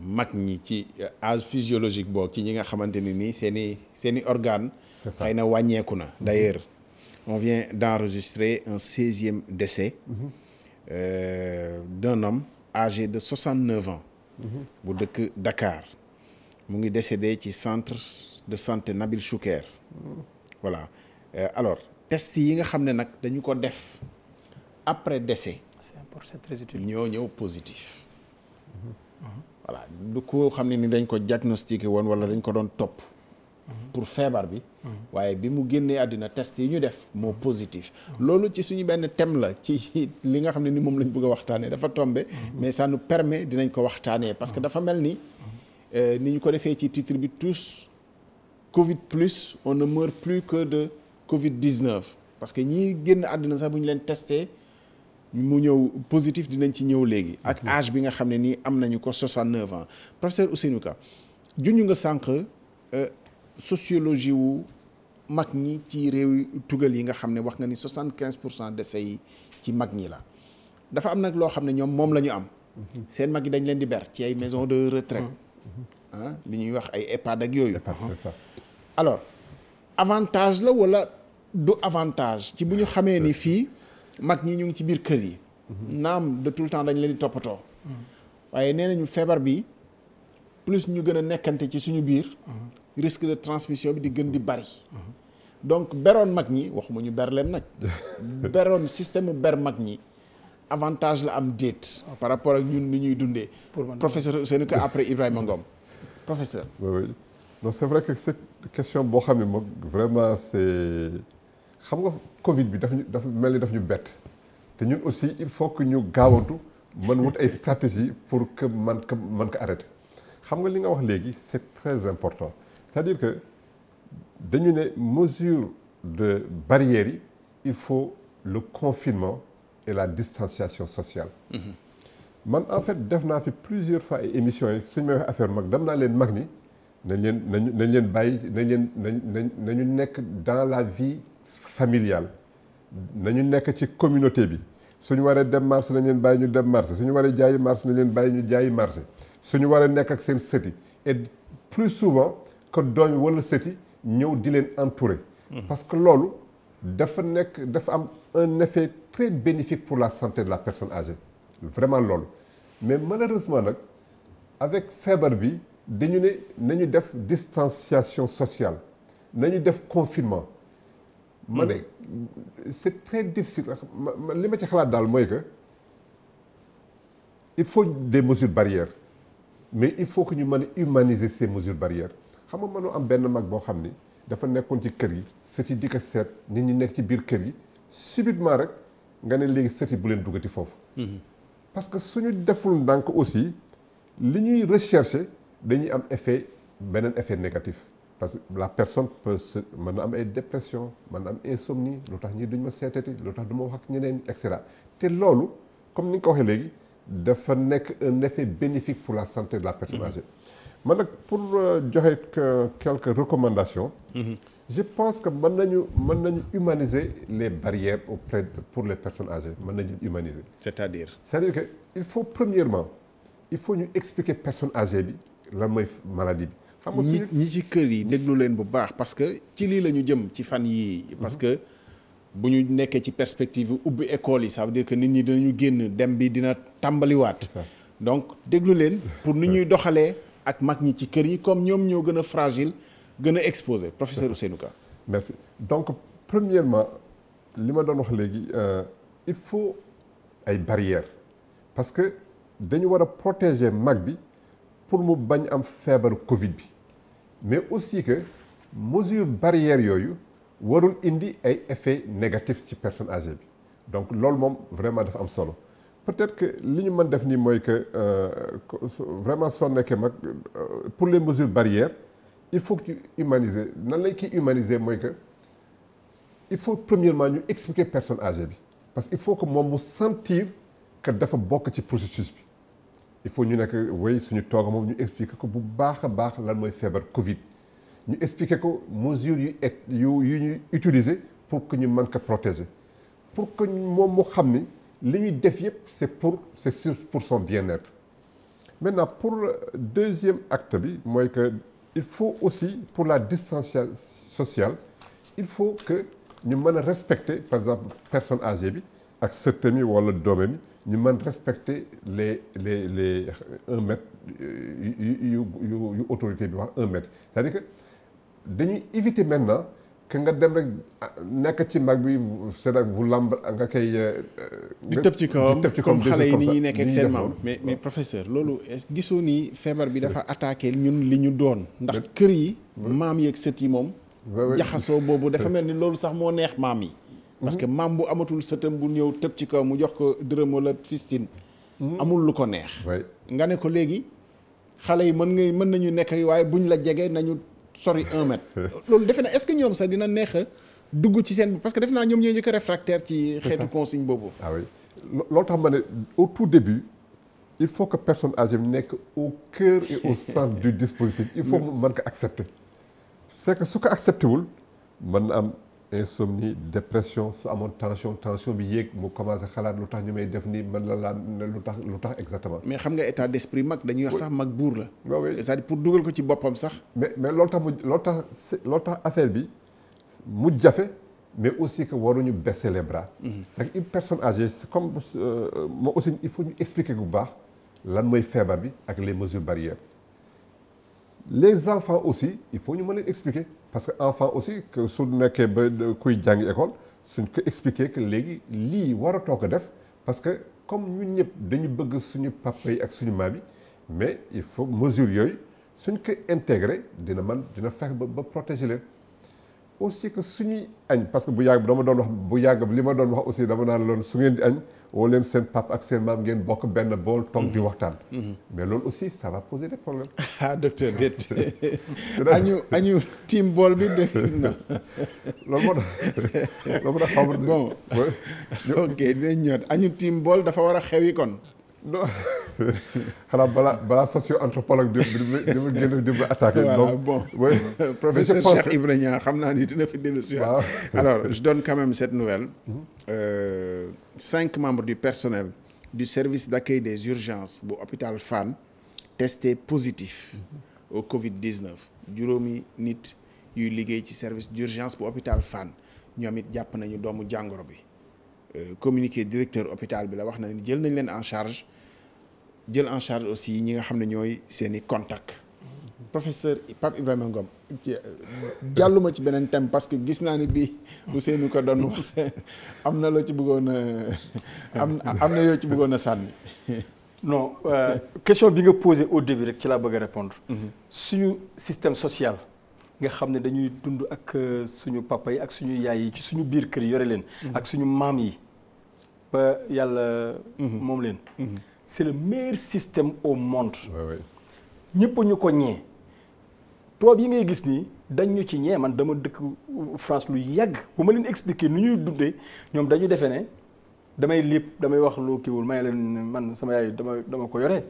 mag ñi ci âge physiologique boobu ci ñi nga xamante ni nii seeni seeni organe xëy na wàññeeku na d'ailleurs on vient d'enregistrer un seizième décès euh, d'un homme âgé de soixante-neuf ans bu dëkk Dakar mu ngi décédé ci centre de santé Nabil Choucair voilà euh, alors test yi nga xam ne nag dañu ko def après décès c'est important, c'est très utile ñoo ñëw positif voilà du ko xam ne ni dañ ko diagnostiqué woon wala dañ ko doon topp pour feebar bi waaye bi mu génnee àddina test yi ñu def moo positif loolu ci suñu benn thème la ci li nga xam ne ni moom lañ bëgg a waxtaanee dafa tombe mais ça nous permet dinañ ko waxtaanee parce que dafa mel ni euh, ni ñu ko defee ci titre bi tous Covid plus on ne meur plus que de Covid 19 parce que ñii génn àddina sax bu ñu leen testé mu ñëw positif dinañ ci ñëw léegi ak age mhm. bi nga xam ne nii am nañu ko 69 ans professeur Ousseynou Ka junj nga sànq euh, sociologie wu mag ñi ci réew tugal yi nga xam ne wax nga ni soixante quinze pour cent décès yi ci mag ñi la dafa am nag loo xam ne ñoom moom la ñu am seen mag yi dañ leen di ber ci ay maison de retraite ah li ñuy wax ay EHPAD ak yooyu alors avantage la wala du avantage ci bu ñu xamee ni fii mag ñi ñu ngi ci biir kër yi naam de tout le temps dañ leen di toppatoo waaye nee nañu feebar bi plus ñu gën a nekkante ci suñu biir risque de transmission bi di gën di bari. donc beroon mag ñi waxuma ñu ber leen nag. beroon système ber mag ñi avantage la am déet. par rapport ak ñun ni ñuy dundee. professeur Ousseynou Ka après Ibrahima Ngom professeur. oui oui non que cette question boo xam ne moom vraiment c'est xam nga Covid bi daf ñu daf mel ni daf ñu bett te ñun aussi il faut que ñu gaawantu mën wut ay stratégie pour que man ka man ko arrêter xam nga li nga wax léegi c'est très important. c'est-à-dire que dañu ne mesure de barrières yi il faut le confinement et la distanciation sociale mm-hmm. man en fait def naa fi plusieurs fois ay émissions yi suñu may affaire mag dem naa leen mag ni nañ leen nañ nañ leen bàyyi nañ leen nañ nañu nekk dans la vie familiale nañu nekk ci communauté bi suñu waree dem marché nañ leen bàyyi ñu dem marché suñu waree jaayi marché nañ leen bàyyi ñu jaayi marché suñu waree nekk ak seen sëti et plus souvent que doom wala sëti ñëw di leen entouré. Mhm. parce que loolu dafa nekk dafa am un effet très bénéfique pour la santé de la personne age vraiment loolu mais malheureusement nag avec feebar bi dañu ne nañu def distanciation sociale nañu def confinement ma ne c'est très difficile li ma ci xalaat daal mooy que il faut des mesures barrières mais il faut que ñu mën a humaniser ces mesures barrières xam nga mënoo am benn mag boo xam ni dafa nekkoon ci kër yi sët yi di seet nit ñi nekk ci biir kër yi subitement rek nga ne léegi sët bu leen dugg duggati foofu. Mhm. parce que suñu deful ndànk aussi li ñuy rechercher dañuy am effet beneen effet négatif. parce que la personne peut se mën na am ay dépression man na am insomnie lu tax ñii duñ ma seetati lu tax du ma wax ak ñeneen et te loolu comme ni ko waxee léegi dafa nekk un effet bénéfique pour la santé de la personne man nag pour euh, joxe euh, quelques recommandations. Mhm. je pense que mën nañu mën nañu humaniser les barrières auprès pour les personnes âgées mën nañu humaniser. c'est-à-dire. c'est-à-dire que il faut premièrement il faut ñu expliquer personne age bi la mooy maladie bi. xam nga ñi ci kër yi déglu leen bu baax parce que ci lii la ñu jëm ci fan yii. Mhm. parce que bu ñu nekkee ci perspective ubbi école yi ça veut dire que nit ñi dinañu génn dem bi dina tàmbaliwaat. donc déglu leen pour ak mag ñi ci kër yi comme ñoom ñoo gën a fragile gën a exposé professeur Ousseynou Ka merci donc premièrement li ma doon wax léegi euh, il faut ay barrières parce que dañu war a protéger mag bi pour mu bañ am feebaru Covid bi mais aussi que mesure barrière yooyu warul indi ay effets négatif ci personne âgée bi donc loolu moom vraiment dafa am solo peut-être que li ñu mën def nii mooy que euh, vraiment soo nekkee euh, mag pour les mesures barrières il faut que ñu humaniser nan lay kii humaniser mooy que il faut premièrement ñu expliquer personne âgée bi parce que il faut que moom mu sentir que dafa bokk ci processus bi il faut ñu nekk wéy suñu toog moom ñu expliquer ko bu baax a baax lan mooy feebar Covid ñu expliquer ko mesures yu et yu yu ñuy utiliser pour que ñu mën ko protéger pour que moom mu xam ni. li ñuy def yëpp c'est pour c'est pour son bien-être maintenant pour deuxième acte bi mooy que il faut aussi pour la distance sociale il faut que ñu mën a respecter par exemple personne âgée bi ak sëtami wala doomam ñu mën respecter les les les un mètre euh, yu yu yu autorité bi wax un mètre c'est-à-dire que dañuy éviter maintenant que nga dem rek ah, nekk ci mag bi c'est bu lamb nga koy. Euh, euh, di tëb ci kawam di tëb ci kawam comme xale yi ni ñuy nekk ak seen maam mais mais professeur loolu gisoo ni feebar bi dafa attaqué ñun li ñu doon. ndax kër yi. maam yeeg sët yi moom. jaxasoo boobu dafa mel ni loolu sax moo neex maam yi. parce que mm-hmm. maam bu amatul sëtam bu ñëw tëb ci kaw mu jox ko dërëm walla fistine. Mm-hmm. amul lu ko neex. nga ne ko léegi xale yi mën ngay mën nañu nekk waaye buñ la jege nañu. sori un mètre. loolu defe na est-ce que ñoom sax dina neex a dugg ci seen parce que defe naa ñoom ñoo njëkk a réfractaire ci xeetu consigne boobu. ah loolu tax ma ne au tout début. il faut que personne age âgée nekk au cœur et au centre du dispositif il faut mu ko accepter c'est que su ko accepté wul man na am insomnie dépression su amoon tension tension bi yéeg mu commencé xalaat lu tax ñu may def nii man la laa lu tax lu tax exactement. mais xam nga état d'esprit mag dañuy wax sax mag buur la. waaw c'est-à-dire pour dugal ko ci boppam sax. mais mais loolu tax mu tax loolu tax affaire bi mu jafe mais aussi que waruñu baisser les bras. rek mhm. une personne âgée comme euh, moo aussi il faut ñu expliquer bu baax lan mooy feebar bi ak les mesures barrières. les enfants aussi il faut ñu mën leen expliquer parce que enfant aussi que su nekkee ba kuy jàngi école suñ ko expliquer que léegi lii war a toog ko def parce que comme ñun ñëpp dañu bëgg suñu papa yi ak suñu maam yi mais il faut mesure yooyu suñ ko intégrer dina man dina fex ba ba protéger leen aussi que suñuy añ parce que bu yàgg dama doon wax bu yàgg li ma doon wax aussi dama naan loon su ngeen di añ woo leen seen pap ak seen maam ngeen bokk benn bool toog di mhm. waxtaan. Mhm. mais loolu aussi ça va poser des problèmes. ah añu añu tiim bool bi dégg na. loolu moo tax loolu moo ok dinañ ñëwaat añu tiim bool dafa war a xewi kon. non xanaa balaa balaa socio anthropologue di di di génn di attaqué. donc bon professeur Cheikh Ibra Niang xam naa ni dina fi dellu si alors je donne quand euh, cinq membres du personnel du service d'accueil des urgences bu hôpital Fann testé positif au Covid 19 juróomi nit yuy liggéey ci service d'urgence bu hôpital Fann ñoom it jàpp nañu doomu jàngoro bi euh, communiqué directeur hôpital bi la wax na ni jël nañ leen en charge. jël en charge aussi ñi nga xam ne ñooy seen i contact professeur Pape Ibrahima Ngom jàlluma ci beneen thème parce que gis naa ne bii Ousseynou ko doon am na loo ci bëggoon am am na yoo ci bëggoon a sànni non euh, question bi nga posé au début rek ci laa bëgg a répondre mhm. suñu système social nga xam ne dañuy dund ak euh, suñu papa yi ak suñu yaay yi ci suñu biir kër yore leen mhm. ak suñu maam yi ba yàlla mhm. moom leen c'est le meilleur système au monde. ñëpp ñu ko ñee. tubaab yi ngay gis nii dañ ci ñee man dama dëkk France lu yàgg bu ma leen expliquer nu ñuy dundee ñoom dañu defe ne damay lépp damay wax lu kiiwul may leen man sama yaay dama dama ko yore.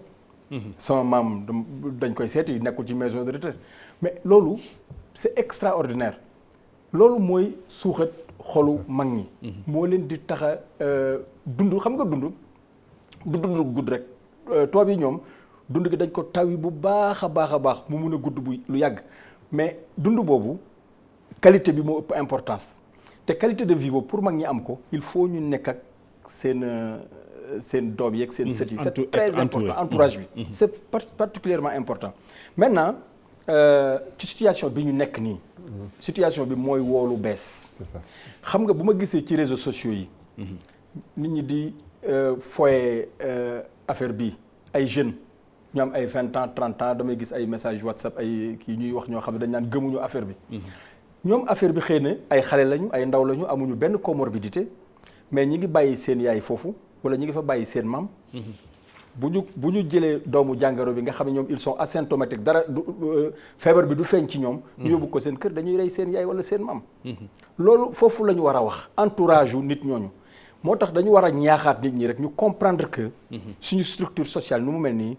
Mhm. sama maam dañ koy seeti nekkul ci maison de mais loolu c'est extraordinaire loolu mooy suuxat xolu mag ñi. Mhm. moo leen di tax a euh, dund xam nga dund. du dund gu gudd rek euh, tubaab yi ñoom dund gi dañ ko taw yi bu baax a baax a baax mu mun a gudd bu lu yàgg mais dund boobu qualité bi moo ëpp importance te qualité de vie boobu pour mag ñi am ko il faut ñu nekk ak seen euh, seen doom yeeg seen sët yi c'est très important entourage bi mm-hmm. c'est particulièrement important maintenant euh, ci situation bi ñu nekk nii situation bi mooy woolu bees xam nga bu ma gisee ci réseau sociaux yi mm-hmm. nit ñi di Euh, foyee euh, affaire bi ay jeunes ñoom ay vingt ans trent ans damay gis ay message WhatsApp ay kii ñuy wax ñoo xam ne dañ naan gëmuñu affaire bi. Mhm. ñoom affaire bi xëy na ay xale lañu ay ndaw lañu amuñu benn comorbidité mais ñi ngi bàyyi seen yaay foofu wala ñi ngi fa bàyyi seen maam. Mhm. bu ñu bu ñu jëlee doomu jàngaro bi nga xam ne ñoom il sont asymptomatiques dara du euh, feebar bi du feeñ ci ñoom. Mhm. ñu yóbbu ko seen kër dañuy rey seen yaay wala seen maam. loolu foofu la ñu war a wax entourage wu nit ñooñu. moo tax dañu war a ñaaxaat nit ñi rek ñu comprendre que suñu structure sociale nu mu mel nii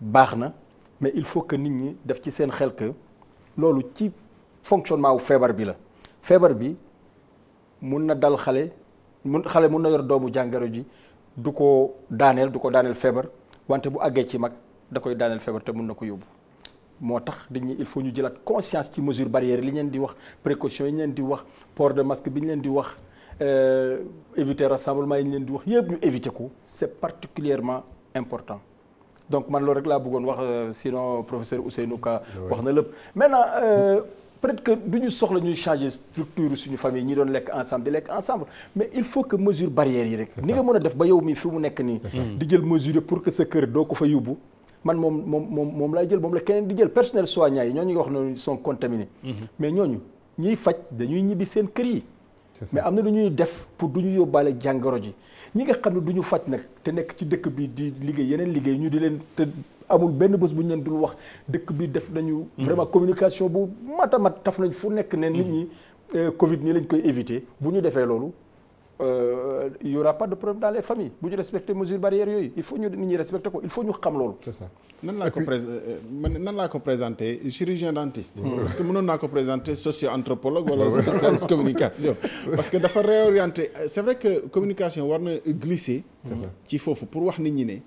baax na mais il faut que nit ñi def ci seen xel que loolu ci fonctionnement wu feebar bi la feebar bi mun na dal xale mun xale mun na yor doomu jàngoro ji du ko daaneel du ko daaneel feebar wante bu àggee ci mag da koy daaneel feebar te mun na ko yóbbu moo tax nit il faut ñu jëlaat conscience ci mesure barrière li ñu di wax précaution yi ñeen leen di wax port de masque bi leen di wax Euh, éviter rassemblement yi ñu leen di wax yëpp ñu éviter ko c'est particulièrement important donc man loolu rek laa bëggoon wax euh, sinon professeur Ousseynou Ka wax na lépp maintenant euh, que du ñu soxla ñuy changer structure suñu famille ñi doon lekk ensemble di lekk ensemble mais il faut que mesure barrière yi rek ni nga mën a def ba yow mi fi mu nekk nii di jël mesure pour que sa kër doo ko fa yóbbu man moom moom moom moom laay jël moom la keneen di jël personnel soignant yi ñooñu wax noonu mm-hmm. seen kër yi mais am na lu ñuy def pour du ñu yóbbaale jàngoro ji ñi nga xam ne du ñu faj nag te nekk ci dëkk bi di liggéey yeneen liggéey ñu di leen te amul benn bés bu ñu leen dul wax dëkk bi def nañu. Mm. vraiment communication bu mat mat taf nañ fu nekk ne nit ñi mm. euh, Covid nii lañ koy éviter bu ñu defee loolu. euh, il y aura pas de problème dans les bu ñu respecter mesures barrières yooyu il faut ñu nit ñi respecter ko il faut ñu xam loolu. nan laa ko euh, man nan laa ko présenté chirurgien parce que mënoon naa ko présenté socio anthropologue wala spécialiste communication. parce que dafa réorienté euh, c'est vrai que communication war na glisser. ci foofu pour wax nit ñi ne.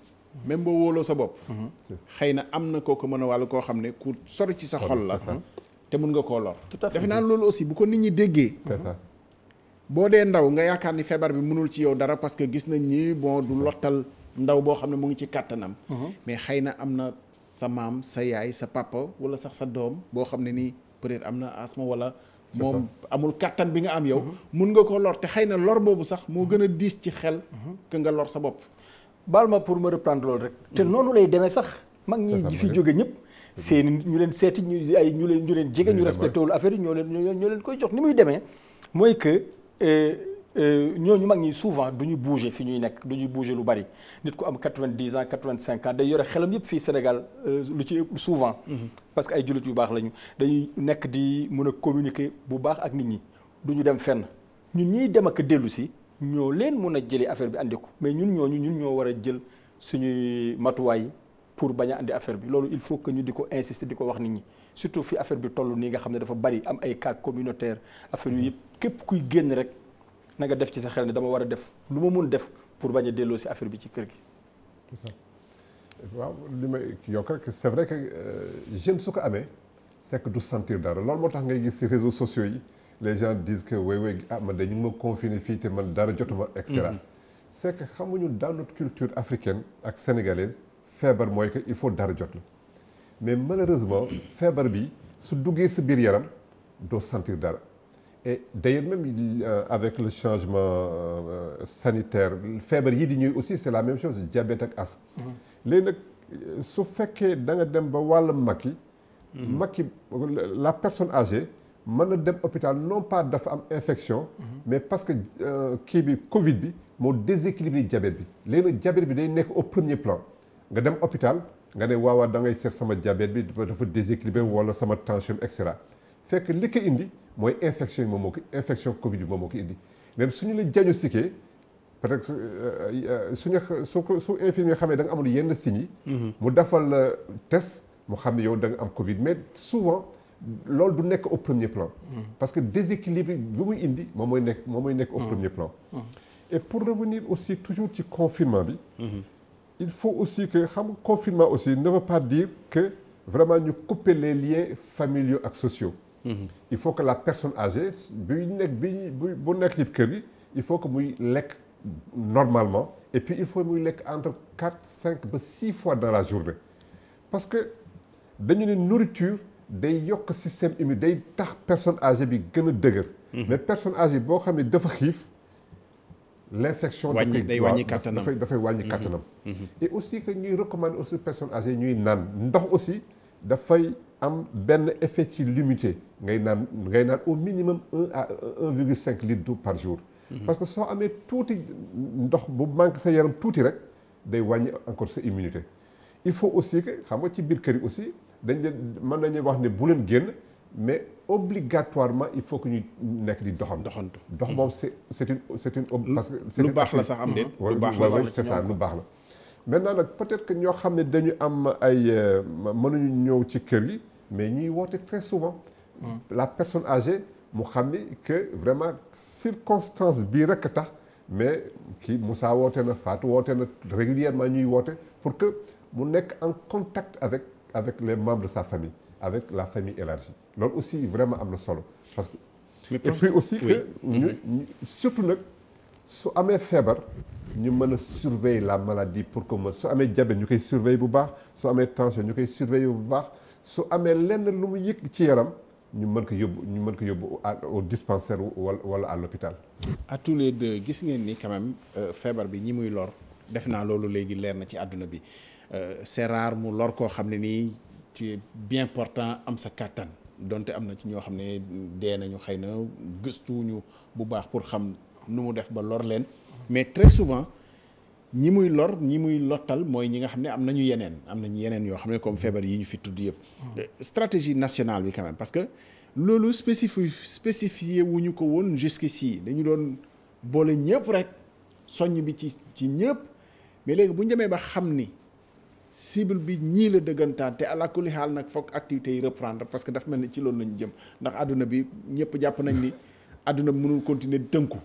même boo wóoloo sa bopp. Mm-hmm. xëy na am na koo ko mën a wàllu koo xam ne ku sori ci sa xol la. te mun nga koo lor. tout à defe naa loolu aussi bu ko nit ñi déggee. boo dee ndaw nga yaakaar ni feebar bi mënul ci yow dara parce que gis nañ ni bon du lottal ndaw boo xam ne mu ngi ci kattanam uh-huh. mais xëy na am na sa maam sa yaay sa papa wala sax sa doom boo xam ne nii peut-être am na asthme wala moom amul kattan bi nga am yow uh-huh. mun nga ko lor te xëy na lor boobu sax moo gën a diis ci xel uh-huh. que nga lor sa bopp baal ma pour me reprendre loolu rek te mm-hmm. noonu lay demee sax mag ñi fi jóge ñëpp mm-hmm. seen ñu leen seeti ñu ay ñu leen ñu leen jege ñu respecté wul affaire yi ñoo leen ñoo leen koy jox ni muy demee mooy que ñoo ñu mag ñi souvent du ñu bouger fi ñuy nekk du ñu bouger lu bari nit ku am quatre-vingt-dix ans quatre-vingt-cinq ans day yore xelam yëpp fii Sénégal euh, lu ci ëpp souvent. Mm-hmm. parce que ay jullit yu baax lañu dañuy nekk di mën a communiquer bu baax ak nit ñi du ñu dem fenn ñun ñuy dem ak dellu si ñoo leen mën a jëlee affaire bi andi ko mais ñun ñooñu ñun ñoo war a jël suñuy matuwaay pour bañ a andi affaire bi loolu il faut que ñu di ko insister di ko wax nit ñi. surtout fi affaire bi toll nii nga xam ne dafa bari am ay cas communautaire affaire yu yëpp képp kuy génn rek na nga def ci sa xel ne dama war a def lu ma mun def pour bañ a delloo si affaire bi ci kër gi. waaw li may yokk rek c'est vrai que euh, jeune su ko amee c'est du sentir dara loolu moo tax ngay gis si réseaux sociaux yi les gens disent que way way ah man de ñu ngi ma confiné fii te man dara jotuma et cetera mm-hmm. c'est que xamuñu dans notre culture africaine ak sénégalaise feebar mooy que il faut dara jot la mais malheureusement feebar bi su duggee sa biir yaram doo sentir dara et d'ailleurs même euh, avec le changement euh, sanitaire feebar yi di ñuy aussi c'est la même chose diabète ak asthme mm-hmm. léegi nag su fekkee danga dem ba wàll mag yi mm-hmm. mag yi la personne âgée mën na dem hopital non pas dafa am infection mm-hmm. mais parce que euh, kii bi Covid bi moo déséquilibré diabète bi léegi nag diabète bi day nekk au premier plan nga dem hopital nga ne waawaa da ngay seet sama diabète bi dafa déséquilibré wala sama tension et cetera fekk li ko indi mooy infection yi moom moo ko infection covid bi moom moo ko indi leen suñu la diagnostiqué peut-être euh, euh, suñu su ko su infirmier xamee da nga amul yenn si yi mhm. mu defal la test mu xam yow da nga am covid mais souvent loolu du nekk au premier plan mhm. parce que déséquilibre bi muy indi moom mooy nekk moom mooy nekk au mhm. premier plan et pour revenir aussi toujours ci confinement bi il faut aussi que xam confinement aussi ne veut pas dire que vraiment ñu couper les liens familiaux ak sociaux mhm. il faut que la personne âgée bi nekk bi bu nekk ci kër yi il faut que muy lekk normalement et puis il faut muy lekk entre quatre cinq ba six fois dans la journée parce que dañu ne nouriture day yokk système immunitaire day tax personne âgée bi gën a dëgër mhm. mais personne age boo xam ne dafa xiif l'infection dafay day wàññi kattanam dafay dafay wàññi mhm. kattanam. Mhm. et aussi que ñuy recommander aussi personnes âgées ñuy naan ndox aussi dafay am benn effet ci limité ngay naan ngay naan au minimum un à un virgule cinq litres d'eau par jour. Mhm. parce que soo amee tuuti ndox bu manque sa yaram tuuti rek day wàññi encore sa immunité. il faut aussi que xam nga ci biir kër yi aussi dañ leen mën nañu wax ne bu leen génn. mais obligatoirement il faut que ñu nekk di doxam. doxantu dox moom c' est c' est une c' est lu baax la sax am déet lu baax la sax c' est ça lu baax la. nag peut-être que ñoo xam ne dañu am ay euh, mënuñu ñëw ci kër yi mais ñuy woote très souvent. Mm. la personne age mu xam ni que vraiment circonstance bii rekk tax mais kii Moussa wootee na Fatou woote na régulièrement ñuy woote pour que mu nekk en contact avec avec les membres de sa famille. avec la famille élargie loolu aussi vraiment am na solo parce que. et puis aussi que surtout nag su amee feebar ñu mën a surveiller la maladie pour que su amee diabète ñu koy surveiller bu baax su amee tension ñu koy surveiller bu baax su amee lenn lu mu yëg ci yaram ñu mën ko yóbbu ñu mën ko yóbbu au dispensaire wala wala à l'hôpital à tous les deux gis ngeen ni quand même euh, feebar bi ñi muy lor def naa loolu léegi leer na ci àdduna bi euh, c'est rare mu lor koo xam ne nii tu bien portant am sa kàttan donte am na ci ñoo xam ne dee nañu xëy na gëstuñu bu baax pour xam nu mu def ba lor leen mais très souvent ñi muy lor ñi muy lottal mooy ñi nga xam ne am nañu yeneen am nañu yeneen yoo xam ne comme feebar yi ñu fi tudd yëpp stratégie nationale bi quand parce que loolu spécifi spécifié wu ñu ko woon si dañu doon boole ñëpp rek soññ bi ci ci ñëpp mais léegi bu ñu demee ba xam ni cible bi ñii la dëggantaan te alakuli xaal nag foog activités yi reprendre parce que daf mel ni ci loolu nañu jëm ndax àdduna bi ñëpp jàpp nañ ni àdduna bi mënul continuer tënku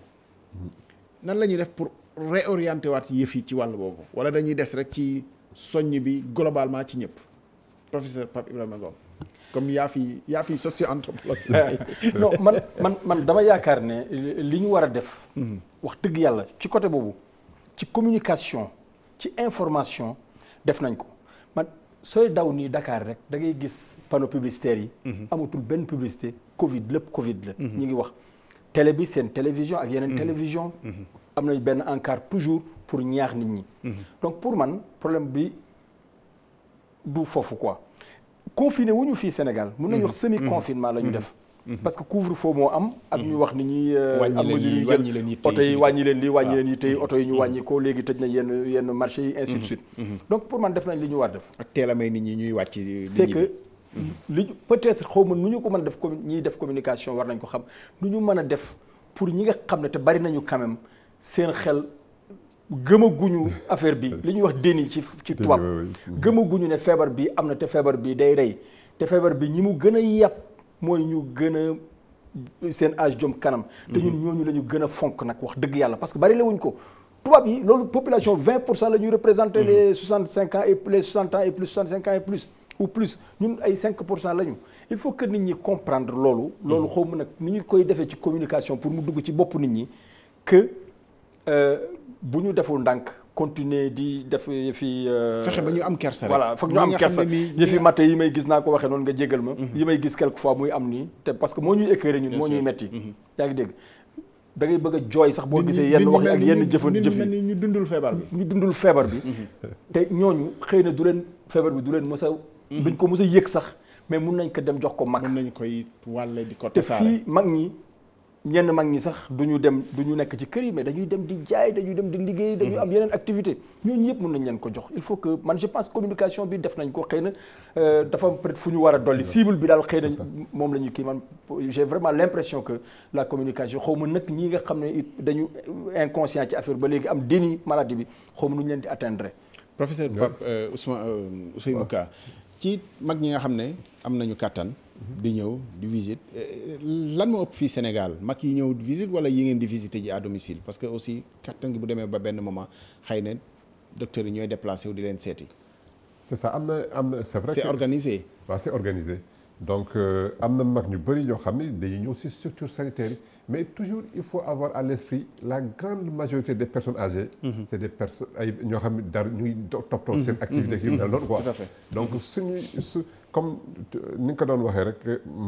nan la ñuy def pour réorienter waat yëf yi ci wàll boobu wala dañuy des rek ci soññ bi globalement ci ñëpp professeur Pape Ibrahima Ngom comme yaa fi yaa fi socio anthropologue eh, non man man man dama yaakaar ne li ñu war a def hmm. wax dëgg yàlla ci côté boobu ci communication ci information def nañ ko man sooy daw nii dakaar rek da ngay gis panneau publicitaire yi. Mhm. amatul benn publicité Covid lépp Covid la. Mhm. ñu ngi wax télé bi seen télévision ak yeneen. Mhm. télévision am nañ benn encart toujours pour ñaax nit ñi. donc pour man problème bi du foofu quoi. confiné wu ñu fii Sénégal. mun nañu wax semi confinement la ñu def. Mhm. parce que couvre-feu moo am. ak ñu mhm. wax ni ñuy. Euh, am mesure yu jël oto yi wàññi leen lii wàññi leen yi tey mhm. oto yi ñu wàññi ko léegi tëj na yenn marché yi ainsi de suite. donc pour man def nañ li ñu war def. ak teel may nit ñi ñuy wàcc. c'est que li peut-être xaw ma nu ñu ko man def commu ñiy def communication war nañ ko xam nu ñu mën a def pour ñi nga xam ne te bari nañu quand seen xel. gëmaguñu affaire bi li ñuy wax déni ci ci tubaab gëmaguñu ne feebar bi am na te feebar bi day rey te feebar bi ñi mu gën a yàpp mooy ñu gën a seen âge jom kanam. te ñun mhm. ñooñu la ñu gën a fonk nag wax dëgg yàlla parce que bari la wuñ ko. tubaab yi loolu population 20 pour cent la ñuy représenté mhm. les 65 ans et les 60 ans et plus 65 plus ou plus ñun ay 5 pour cent la ñu il faut que nit ñi comprendre loolu. loolu mhm. xaw ma nag ni ñu koy defee ci communication pour mu dugg ci bopp nit ñi que euh, bu ñu deful ndànk. continuer di def fi. Euh, fexe ba ñu am kersa voilà foog ñu am kersa yi fi maté yi may gis naa ko waxee noonu nga jégal ma. Mhm. yi may gis quelque fois muy am nii te parce que moo ñuy écœuré ñun moo ñuy metti mhm. yaa ngi dégg da ngay bëgg a jooy sax boo gisee yenn wax ak yenn jëfan jëf yi ñu dundul feebar bi ñu dundul feebar mhm. te ñooñu xëy na du leen feebar bi du leen mës a duñ ko mës a yëg sax mais mun nañ ko dem jox ko mag mun nañ koy wàlle di ko tasaare te fii mag ñi ñenn mag ñi sax du ñu dem du ñu nekk ci kër yi mais dañuy dem di jaay dañuy dem di liggéey dañuy am mm-hmm. yeneen activité ñooñu yëpp mën nañ leen ko jox il faut que man je pense communication bi def nañ ko xëy na euh, dafa peut être fu ñu war a dolli cible bi daal xëy na moom la ñu kii man j'ai vraiment l'impression que la communication xaw ma nag ñi nga xam ne dañu inconscient ci affaire ba léegi am déni maladie bi xaw ma nu ñu leen di atteindre professeur Pape euh, Ousmane euh, Ousseynou Ka ci mag ñi nga xam ne am nañu kàttan di ñëw di visite euh, lan moo ëpp fii Sénégal mag yi ñëw visite wala yi ngeen di visiter ji à domicile parce que aussi kattan gi bu demee ba benn moment xëy na docteurs yi ñooy déplacé wu di leen seeti. c'est ça am na am na c'est vrai euh, am na mag ñu bari ñoo xam ne dañuy ñëw si structure sanitaire mais toujours il faut avoir à l'esprit la grande majorité des personnes âgées. Mhm. c'est des personnes ay ñoo xam ne dara ñuy toppatoo mhm. seen activité mhm. yu mel noonu quoi. tout à donc suñuy su. comme ni nga ko doon waxee rek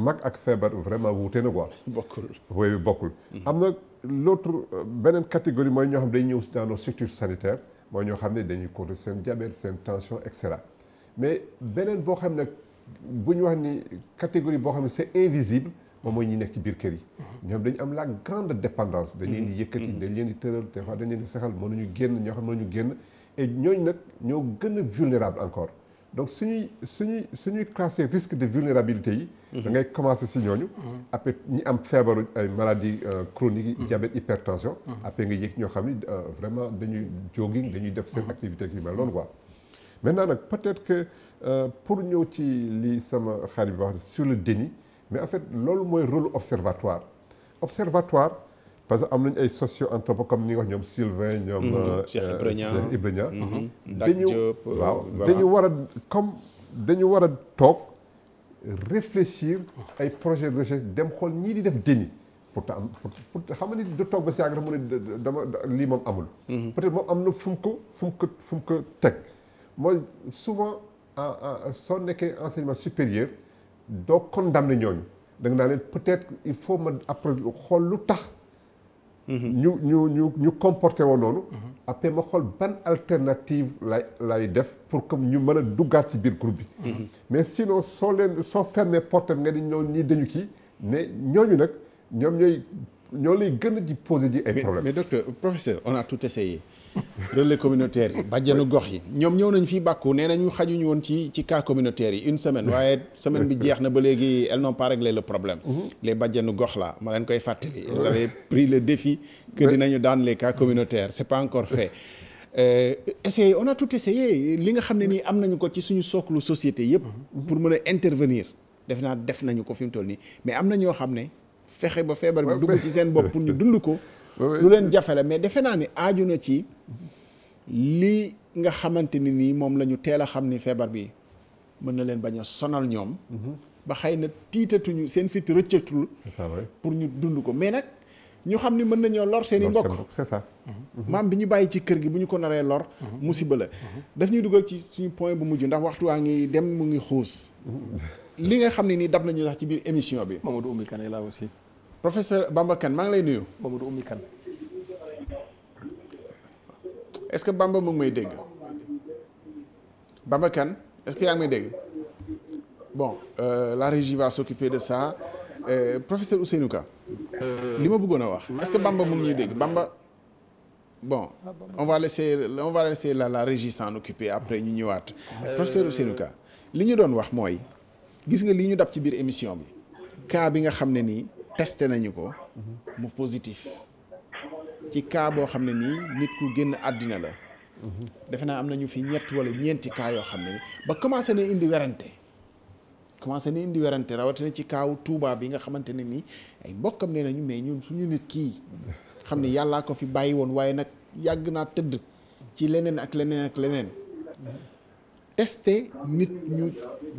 mag ak feebar vraiment wuute na quoi. bokkul oui bokkul. am na l' autre euh, beneen catégorie mooy ñoo xam dañuy ñëw dans nos structures sanitaires mooy ñoo xam ne dañuy contrôler seen diabète seen tension et mais beneen boo xam ne bu ñu wax ni catégorie boo xam ne c' est invisible. moom mooy ñi nekk ci biir kër yi. ñoom dañu am la grande dépendance. dañ leen di mm-hmm. yëkkati mm-hmm. dañ leen di tëral des fois dañ leen di saxal ñu génn ñoo xam ñu génn et ñooñ nag ñoo gën a vulnérable encore. donc suñuy suñuy suñuy classé risque de vulnérabilité yi mhm. da ngay commencé si ñooñu mhm. après ñi am feebaru ay maladie euh, chronique yi mhm. diabète hypertension après nga yëg ñoo xam ni euh, vraiment dañuy jogging dañuy def seen activité ma loolu waa quoi maintenant nag peut-être que euh, pour ñëw ci lii sama xarit bi wax sur le déni mais en fait loolu mooy rôle observatoire observatoire parce que am nañu ay socio anthropo comme ni nga wax ñoom Sylvain ñoom mhm. euh, euh, Cheikh Ibrahima mhm. dañu euh, waaw dañu war a comme dañu war a toog réfléchir ay projet de dem xool ñii di def pour pourtant pour xam nga ni du toog ba si yàgg rek mu ne dama lii moom amul mhm. peut-être moom am na fu mu ko fu mu ko fu mu ko teg mooy souvent soo nekkee enseignement supérieur doo condamné ñooñu da nga naa leen peut-être il faut ma après xool lu tax ñu ñu ñu ñu comporté woon noonu. après ma xool ban alternative lay lay def pour que ñu mën a duggaat ci biir groupe bi. mais sinon soo leen soo fermé porte nga ni ñoo nii dañu kii mais ñooñu nag ñoom ñooy ñoo lay gën a di poser ji ay problèmes. mais docteur professeur on a tout essayé. relais yi bàjjenu gox yi ñoom ñëw nañ fii bàkku nee nañu xajuñu woon ci ci cas communautaire yi une semaine waaye semaine bi jeex na ba léegi elles n'ont pas réglé le problème mhm. les bàjjenu gox ma leen koy fàttali ils avaient pris le défi que daan les cas communautaires c'est encore fait euh, essayé on a tout essayé li nga xam ne nii am nañu ko ci suñu sooklu société yëpp mhm. pour mën a intervenir def naa def nañu ko fi mu toll nii mais am na ñoo xam ne fexe ba feebar bi dugg ci seen bopp pour ñu dund ko lu leen jafale mais defe naa ni aaju na ci li nga xamante ni nii moom lañu teel a xam ni feebar bi mën na leen bañ a sonal ñoom. ba xëy na tiitatuñu seen fit rëccatul. pour ñu dund ko mais nag ñu xam ni mën nañoo lor seen i mbokk. Mm-hmm. maam bi ñu bàyyi ci kër gi bu ñu ko naree lor. Mm-hmm. musiba la mm-hmm. daf ñuy dugal ci suñu point bu mujj ndax waxtu waa ngi dem mu ngi xuus. li nga xam ne nii dab nañu sax ci biir émission bi. Mamadou Oumy Kane la aussi. professeur Bamba Kane maa lay nuyu. Mamadou Oumy Kane. est-ce que Bamba mu ngi may dégg Bamba kan est-ce que yaa ngi may dégg bon euh, la régie va s'occuper de ça euh, professeur Ousseynou Ka euh, li ma buggoon a wax est-ce que Bamba mu ngi ñuy dégg Bamba bon ah, on va laisser on va laisser la la régie s'en occuper après ñu ñëwaat euh, professeur Ousseynou Ka li ñu doon wax mooy gis nga li ñu dab ci biir émission bi cas bi nga xam ne nii testé nañu ko mu positif ci cas boo xam ne nii nit ku génn àddina la defe naa am nañu fi ñett wala ñeenti cas yoo xam ne ba commencé na indi werante commencé na indi werante rawatina ci kaawu tuubaa bi nga xamante ne nii ay mbokkam nee nañu mais ñun suñu nit kii xam ne yàllaa ko fi bàyyi woon waaye nag yàgg naa tëdd ci leneen ak leneen ak leneen tester nit ñu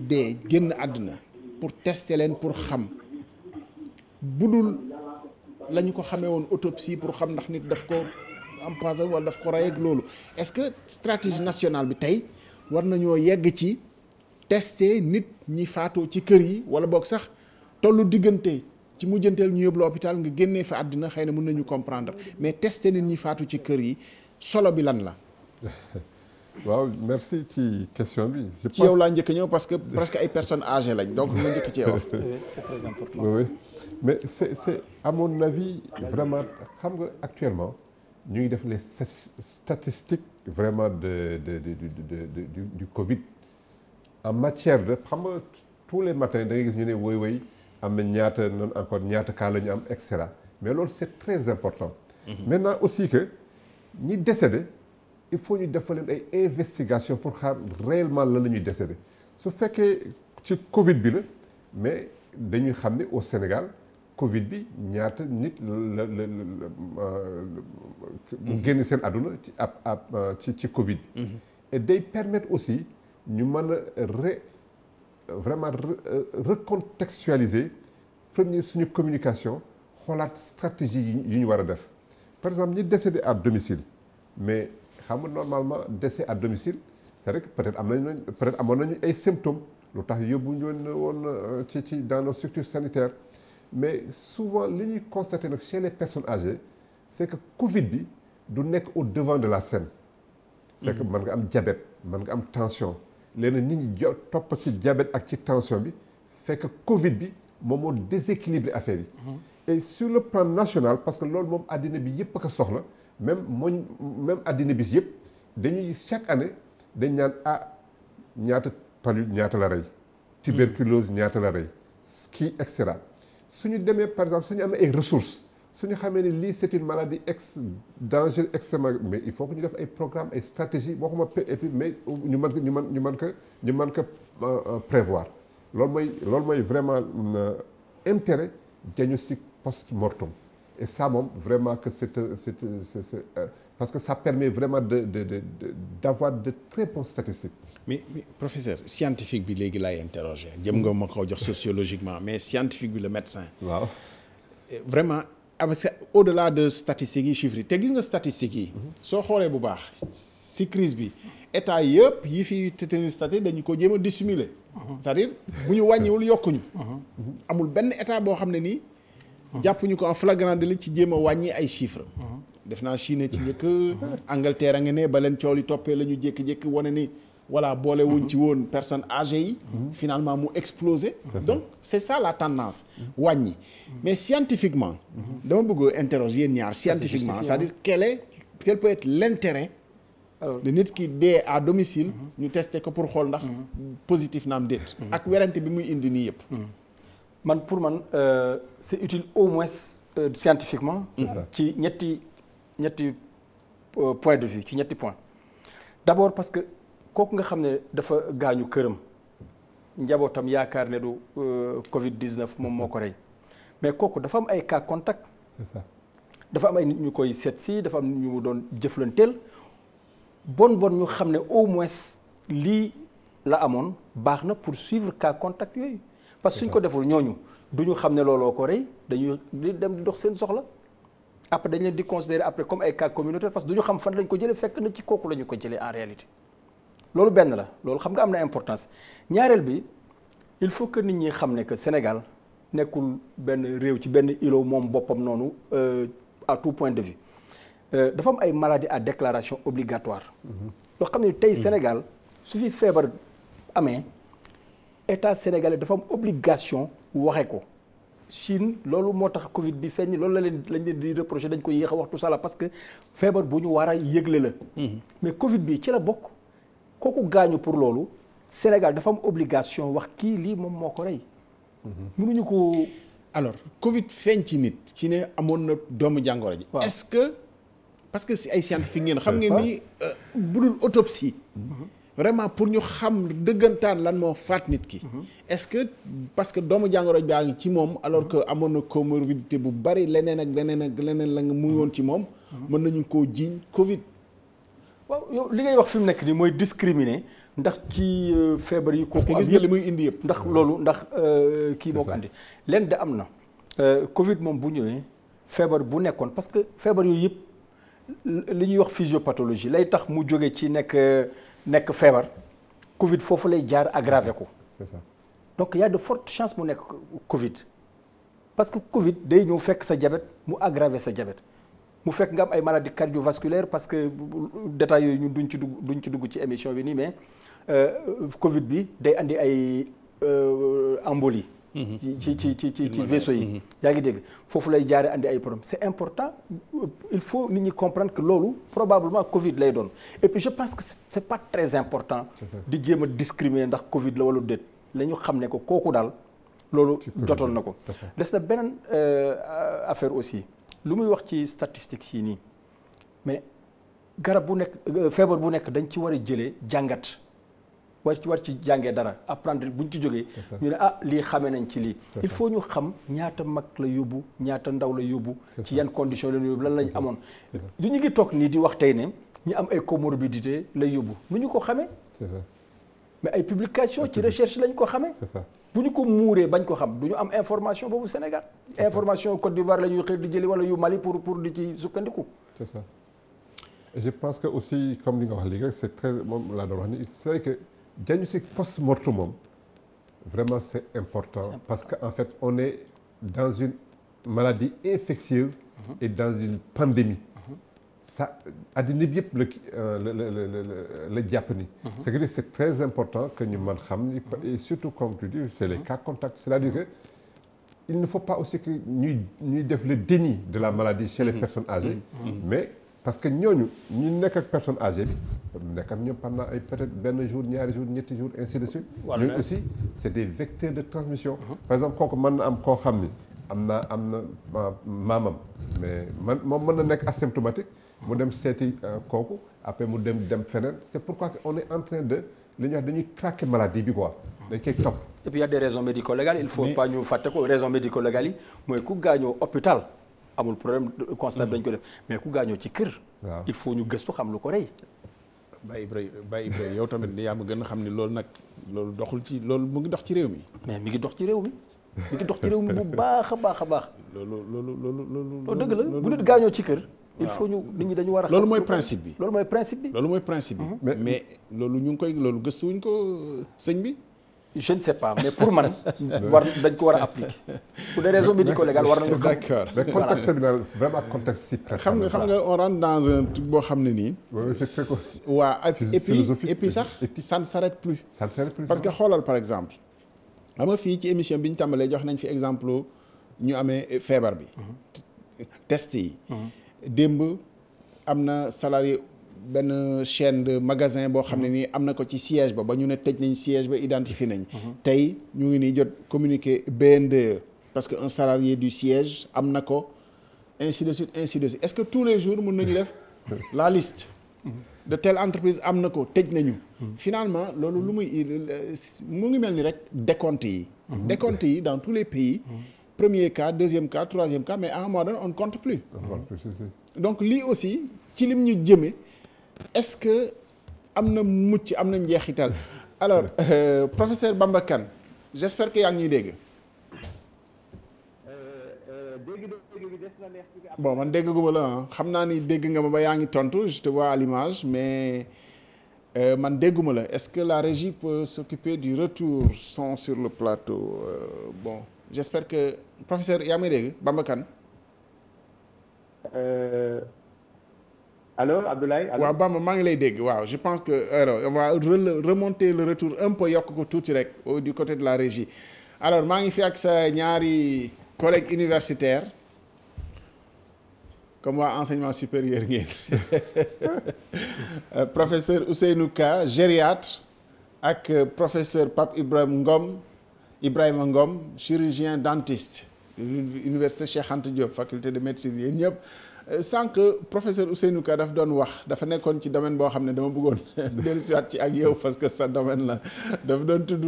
dee génn àddina pour tester leen pour xam budul lañu ko xamee woon autopsie pour xam ndax nit daf ko empoisonné wala daf ko rey ak loolu est-ce que stratégie nationale bi tey war nañoo yegg ci tester nit ñi faatoo ci kër yi wala boog sax tollu diggante ci mujjanteel ñu yóbbu hôpital nga génnee fa àddina xëy ne mun nañu comprendre mais tester nit ñi faatu ci kër yi solo bi lan la. waaw merci ci question bi. je pense ci yow laa njëkk ñëw parce que presque ay personnes âgées lañ donc ma njëkk ci yow. mais c'est amoon à mon avis xam nga actuellement ñu ngi def les statistiques vraiment de de de de de du du Covid en matière de xam nga tous les matins da gis ñu ne woy woy am na ñaata noonu encore ñaata kaa la ñu am et mais loolu c'est très important. Mm-hmm. maintenant aussi que ñi décédé il faut ñu defal leen ay investigation pour xam réellement lan la ñuy décédé su fekkee ci Covid bi la mais dañuy xam ne au Sénégal. Covid bi ñaata nit la la la génn seen àdduna ci ab ab ci ci Covid bi. Mhm. et day permettre aussi ñu mën a re vraiment euh, recontextualiser premier suñu communication xoolaat stratégie yi ñu war a def par exemple ñi décédé à domicile mais xam nga normalement décès à domicile c'est vrai que peut-être am nañu peut-être amoon nañu ay symptômes lu tax yóbbu ñu woon euh, ci ci dans nos structures sanitaires. mais souvent li ñuy constaté nag chez les age âgées c' est Covid bi du nekk au devant de la scène. c' est que mm-hmm. nga am jabet mën nga am tension léeg-léeg nit ñi topp ci jabet ak ci tension bi fekk Covid bi moom moo déséquilibré affaire yi. Mm-hmm. et sur le plan national parce que loolu moom àddina bi yëpp a soxla même mooñ même àddina bi yëpp dañuy chaque année dañ ñaan ah ñaata palu ñaata la rey. Mm-hmm. tuberculose ñaata la rey. ski et su ñu demee par exemple su suñu amee ay ressources suñu xamee ne lii c'est une maladie ex danger extrêmement mais il faut que ñu def ay programme ay stratégie waxuma et puis mais ñu man ko ñu man ñu mën ko ñu mën ko euh, euh, prévoir loolu mooy loolu mooy vraiment euh, intérêt diagnostic post mortem et ça moom vraiment que c'est c'est c'est parce que ça permet vraiment de de de d'avoir de très bonnes statistiques. mais, mais professeur scientifique bi léegi laay interroger jëm nga ma ko jox sociologiquement mais scientifique bi le médecin. waaw eh, vraiment ah, au-delà de statistiques yi chiffres yi te gis nga statistiques yi. soo xoolee bu baax si crise bi état yëpp yi fi tenir statistique dañu ko jéem a dissimuler. Mhm. c'est-à-dire bu ñu wàññiwul yokkuñu. Mhm. amul benn état boo xam ne nii. jàpp ñu ko en flagrant délit ci jéem a wàññi ay chiffres. Mhm. def naa Chine ci njëkk Angleterre a ngi ne ba leen coow li toppee la ñu jékki-jékki wane ni voilà boole wuñ ci woon personne âgée yi mhm. finalement mu explosé donc c'est ça la tendance mhm. wàññi mais scientifiquement dama bëgg interroger yéen ñaar scientifiquement c'est-à-dire quel est quel peut être nit ki dee à domicile ñu testé ko pour xool ndax positif naam déet ak werante bi muy indi nii yëpp man pour man euh, c'est utile au moins euh, scientifiquement. ci ñetti ñetti euh, point de vue ci ñetti point d'abord parce que kooku nga xam ne dafa gaañu këram njabootam yaakaar ne du Covid 19 moom moo ko rey mais kooku dafa am ay cas contact. dafa am ay nit ñu koy seet si dafa am nit ñu doon jëflanteel bon bon ñu xam ne au moins lii la amoon baax na pour suivre cas contact yooyu. parce que suñ ko deful ñooñu du ñu xam ne looloo ko rey dañuy di dem di dox seen soxla après dañ leen di considérer après comme ay cas communautaire parce que du ñu xam fan lañ ko jëlee fekk na ci kooku la ko jëlee en réalité loolu benn la loolu xam nga am na importance ñaareel bi il faut que nit ñi xam ne que Sénégal nekkul benn réew ci benn îlot moom boppam noonu euh, à tout point de vue euh, dafa am ay maladies à déclaration obligatoire loo mm-hmm. xam ne tey mm-hmm. Sénégal su fi feebar amee état sénégalais dafa am obligation waxe ko Chine loolu moo tax Covid bi feeñ loolu la leen lañ leen di reproché dañ ko yéex a wax tout ça parce que feebar bu ñu war a yëgle la. Mhm. mais Covid bi ci la bokk kooku gaañu pour loolu Sénégal dafa am obligation wax kii lii moom moo ko rey. Mhm. mënuñu ko. alors Covid feeñ ci nit. ci ne amoon na doomu jàngoro ji. est que parce que si ay scientifique ngeen. xam ngeen ni euh, budul autopsie. Mhm. vraiment pour ñu xam dëggantaan lan moo faat nit ki. Mhm. est-ce que parce que doomu jàngoro baa ci moom. alors que amoon na ko comorbidité bu bari leneen ak leneen ak leneen la nga woon ci moom. Mhm. mën nañu koo jiiñ Covid. li ngay wax fi mu nekk nii mooy discriminer ndax ci euh, feebar yi. kooku am gis li muy indi yëpp. ndax loolu ndax euh, kii moo ko andi. lenn de am na. Euh, Covid moom bu ñëwee feebar bu nekkoon parce que feebar yooyu yëpp li ñuy wax physiopathologie lay tax mu jóge ci nekk. nekk feebar Covid foofu lay jaar aggravé ko. c'est donc y de fort chance mu nekk Covid. parce que Covid day ñëw fekk sa jabet mu aggravé sa jabet mu fekk nga am ay maladies cardiovasculaires parce que détails yooyu ñun duñ ci dugg duñ ci dugg ci émission bi nii mais euh, Covid bi day andi ay euh, embolie Mhm. ci ci ci ci ci ci vaisseau yi mhm. yaa ngi dégg foofu lay jaare andi ay problème c'est important il faut nit ñi comprendre que loolu probablement Covid lay doon et puis je pense que c'est pas très important di jéem a discriminer ndax Covid la walla déet la ñu xam ne ko kooku daal loolu jotoon na ko des na beneen euh, affaire aussi lu muy wax ci statistiques yi nii mais garab bu nekk euh, feebar bu nekk dañ ci war a jëlee jàngat war ci war ci jàngee dara apprendre ñu ci jógee ñu ne ah lii xamee nañ ci lii il faut ñu xam ñaata mag la yóbbu ñaata ndaw la yóbbu ci yan condition la yóbbu lan lañ amoon du ñu ngi toog nii di wax tey ne ñu am ay comorbidité lay yóbbu nu ñu ko xamee mais ay publication ci recherche lañ ko xamee bu ñu ko muuree bañ ko xam du ñu am information boobu Sénégal information Côte d'Ivoire la ñuy xëy di jëli wala yu Mali pour pour di ci sukkandiku c'est je pense que aussi comme li nga wax léegi rek c'est très moom laa doon wax diagnostic post-mortem moom vraiment c'est important parce que en fait on est dans une maladie infectieuse mhm. et dans une pandémie mhm. ça addina bi yëpp euh, la la la la jàpp ni mhm. c'est que très important que ñu mën xam et surtout comme tu dis c'est les cas contacts c'est-à-dire que ne faut pas aussi que ñuy ñuy def le déni de la maladie chez les personnes âgées parce que ñooñu ñu nekk ak personne âgée bi nekk ak ñoom pendant ay peut benn jour ñaari jour ñetti jour ainsi de suite ñooñu aussi c'est des vecteurs de transmission uh-huh. par exemple kooku mën na am koo xam ni am na am na maamam mais man moom mën na nekk asymptomatique mu dem seeti euh, kooku après mu dem dem feneen c'est pourquoi on est en de li ñuy wax dañuy traquer maladie bi quoi dañ koy topp et puis il y médico-légales il faut pas ñu fàtte ko raison médico-légales yi mooy ku gaañoo hôpital amul problème constat dañ ko def mais ku gaañoo ci kër. il faut ñu gëstu xam lu ko rey. Baye Ibrahima Baye Ibrahima yow tamit yaa ma gën a xam ni loolu nag loolu doxul ci loolu mu ngi dox ci réew mi. mais mi ngi dox ci réew mi mi ngi dox ci bu baax a baax a baax. loolu loolu loolu loolu. dëgg la bu gaañoo ci kër. il faut ñu nit ñi dañu war a. loolu mooy principe bi loolu mooy principe bi. loolu mooy principe bi. Mhm. mais loolu ñu ngi koy loolu wuñ ko sëñ bi. je ne sais pas mais pour man war dañ ko war a appliquer pour des raisons médico-légales war nañu. nga xam nga on rentre dans un boo xam ne nii. waa sax ça ne plus. parce que xoolal par exemple. xam fii ci émission bi ñu tàmbalee jox nañ fi exemple ñu amee feebar bi. Mhm. test yi. Mhm. démb am na salarié. benn chaîne de magasin boo xam ne nii am na ko ci siège ba ba ñu ne tëj nañ siège ba identifié nañ mhm. tey ñu ngi nii jot communiqué BNDE parce que un salarié du siège am na ko ainsi de suite ce que tous les jours mën nañu def la liste mhm. de telle entreprise am na ko tëj nañu mhm. finalement loolu lu muy euh, mu ngi mel ni rek décompte yi décompte yi dans tous les pays premier cas deuxième cas troisième cas mais à un moment on ne compte plus donc lii aussi ci ñu jëme est-ce que am na mucc am na njeexital alors euh, professeur bambakan Kane j'espère que yaa ngi ñuy dégg. bon man dégg gu ma la ah. xam naa ni dégg nga ma ba yaa ngi tontu je te vois mais euh, man dégguma la est-ce que la régie peut s'occuper du retour son sur le plateau euh, bon j'espère que professeur yaa may dégg bambakan euh, allo Abdoulaye. waaw maa ngi lay dégg waaw je pense que alors on va le retour un yokk ko tuuti rek du côté de la régie alors maa ngi fi ak sa ñaari collègues universitaires comme waa enseignement supérieur ngeen professeur Ousseynou Ka gériatre ak professeur Pape Ibrahima Ngom Ibrahima Ngom chirurgien dentiste université Cheikh Anta faculté de médecine yéen ñëpp. Euh, sànq professeur Ousseynou Ka daf doon wax dafa nekkoon ci domaine boo xam ne dama bëggoon dellusiwaat ci ak yow parce que sa domaine la dafa doon tudd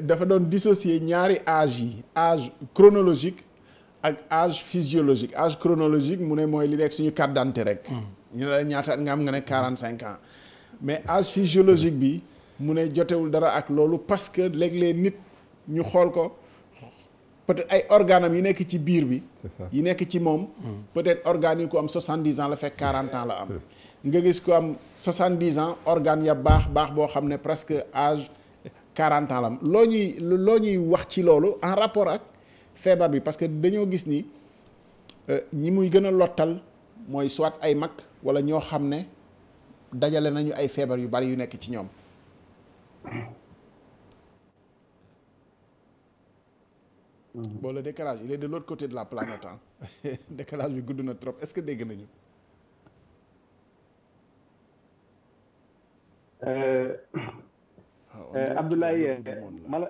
dafa doon dissocier ñaari âge yi âge chronologique ak âge physiologique âge chronologique mu ne mooy li nekk suñu carte d'identité rek hmm. ñu ne ñaata at nga am nga ne quarante cinq ans mais âge physiologique bi mu ne jotewul dara ak loolu parce que léeg nit ñu xool ko peut-être ay organes yi nekk ci biir bi. yu nekk ci moom. Hmm. peut-être organe yi ku am 70 ans la fekk 40 ans la am. nga gis ko am 70 ans organes ya baax baax boo xam ne presque âge 40 ans la am loo ñuy loo ñuy wax ci loolu en rapport ak feebar bi parce que dañoo gis ni euh, ñi muy gën a lottal mooy soit ay mag walla ñoo xam ne dajale nañu ay feebar yu bari yu nekk ci ñoom. Mhm. bon le décalage il est de l'autre côté de la planète ah décalage bi gudd na trop est-ce que dégg nañu. Euh, ah, euh, Abdoulaye euh,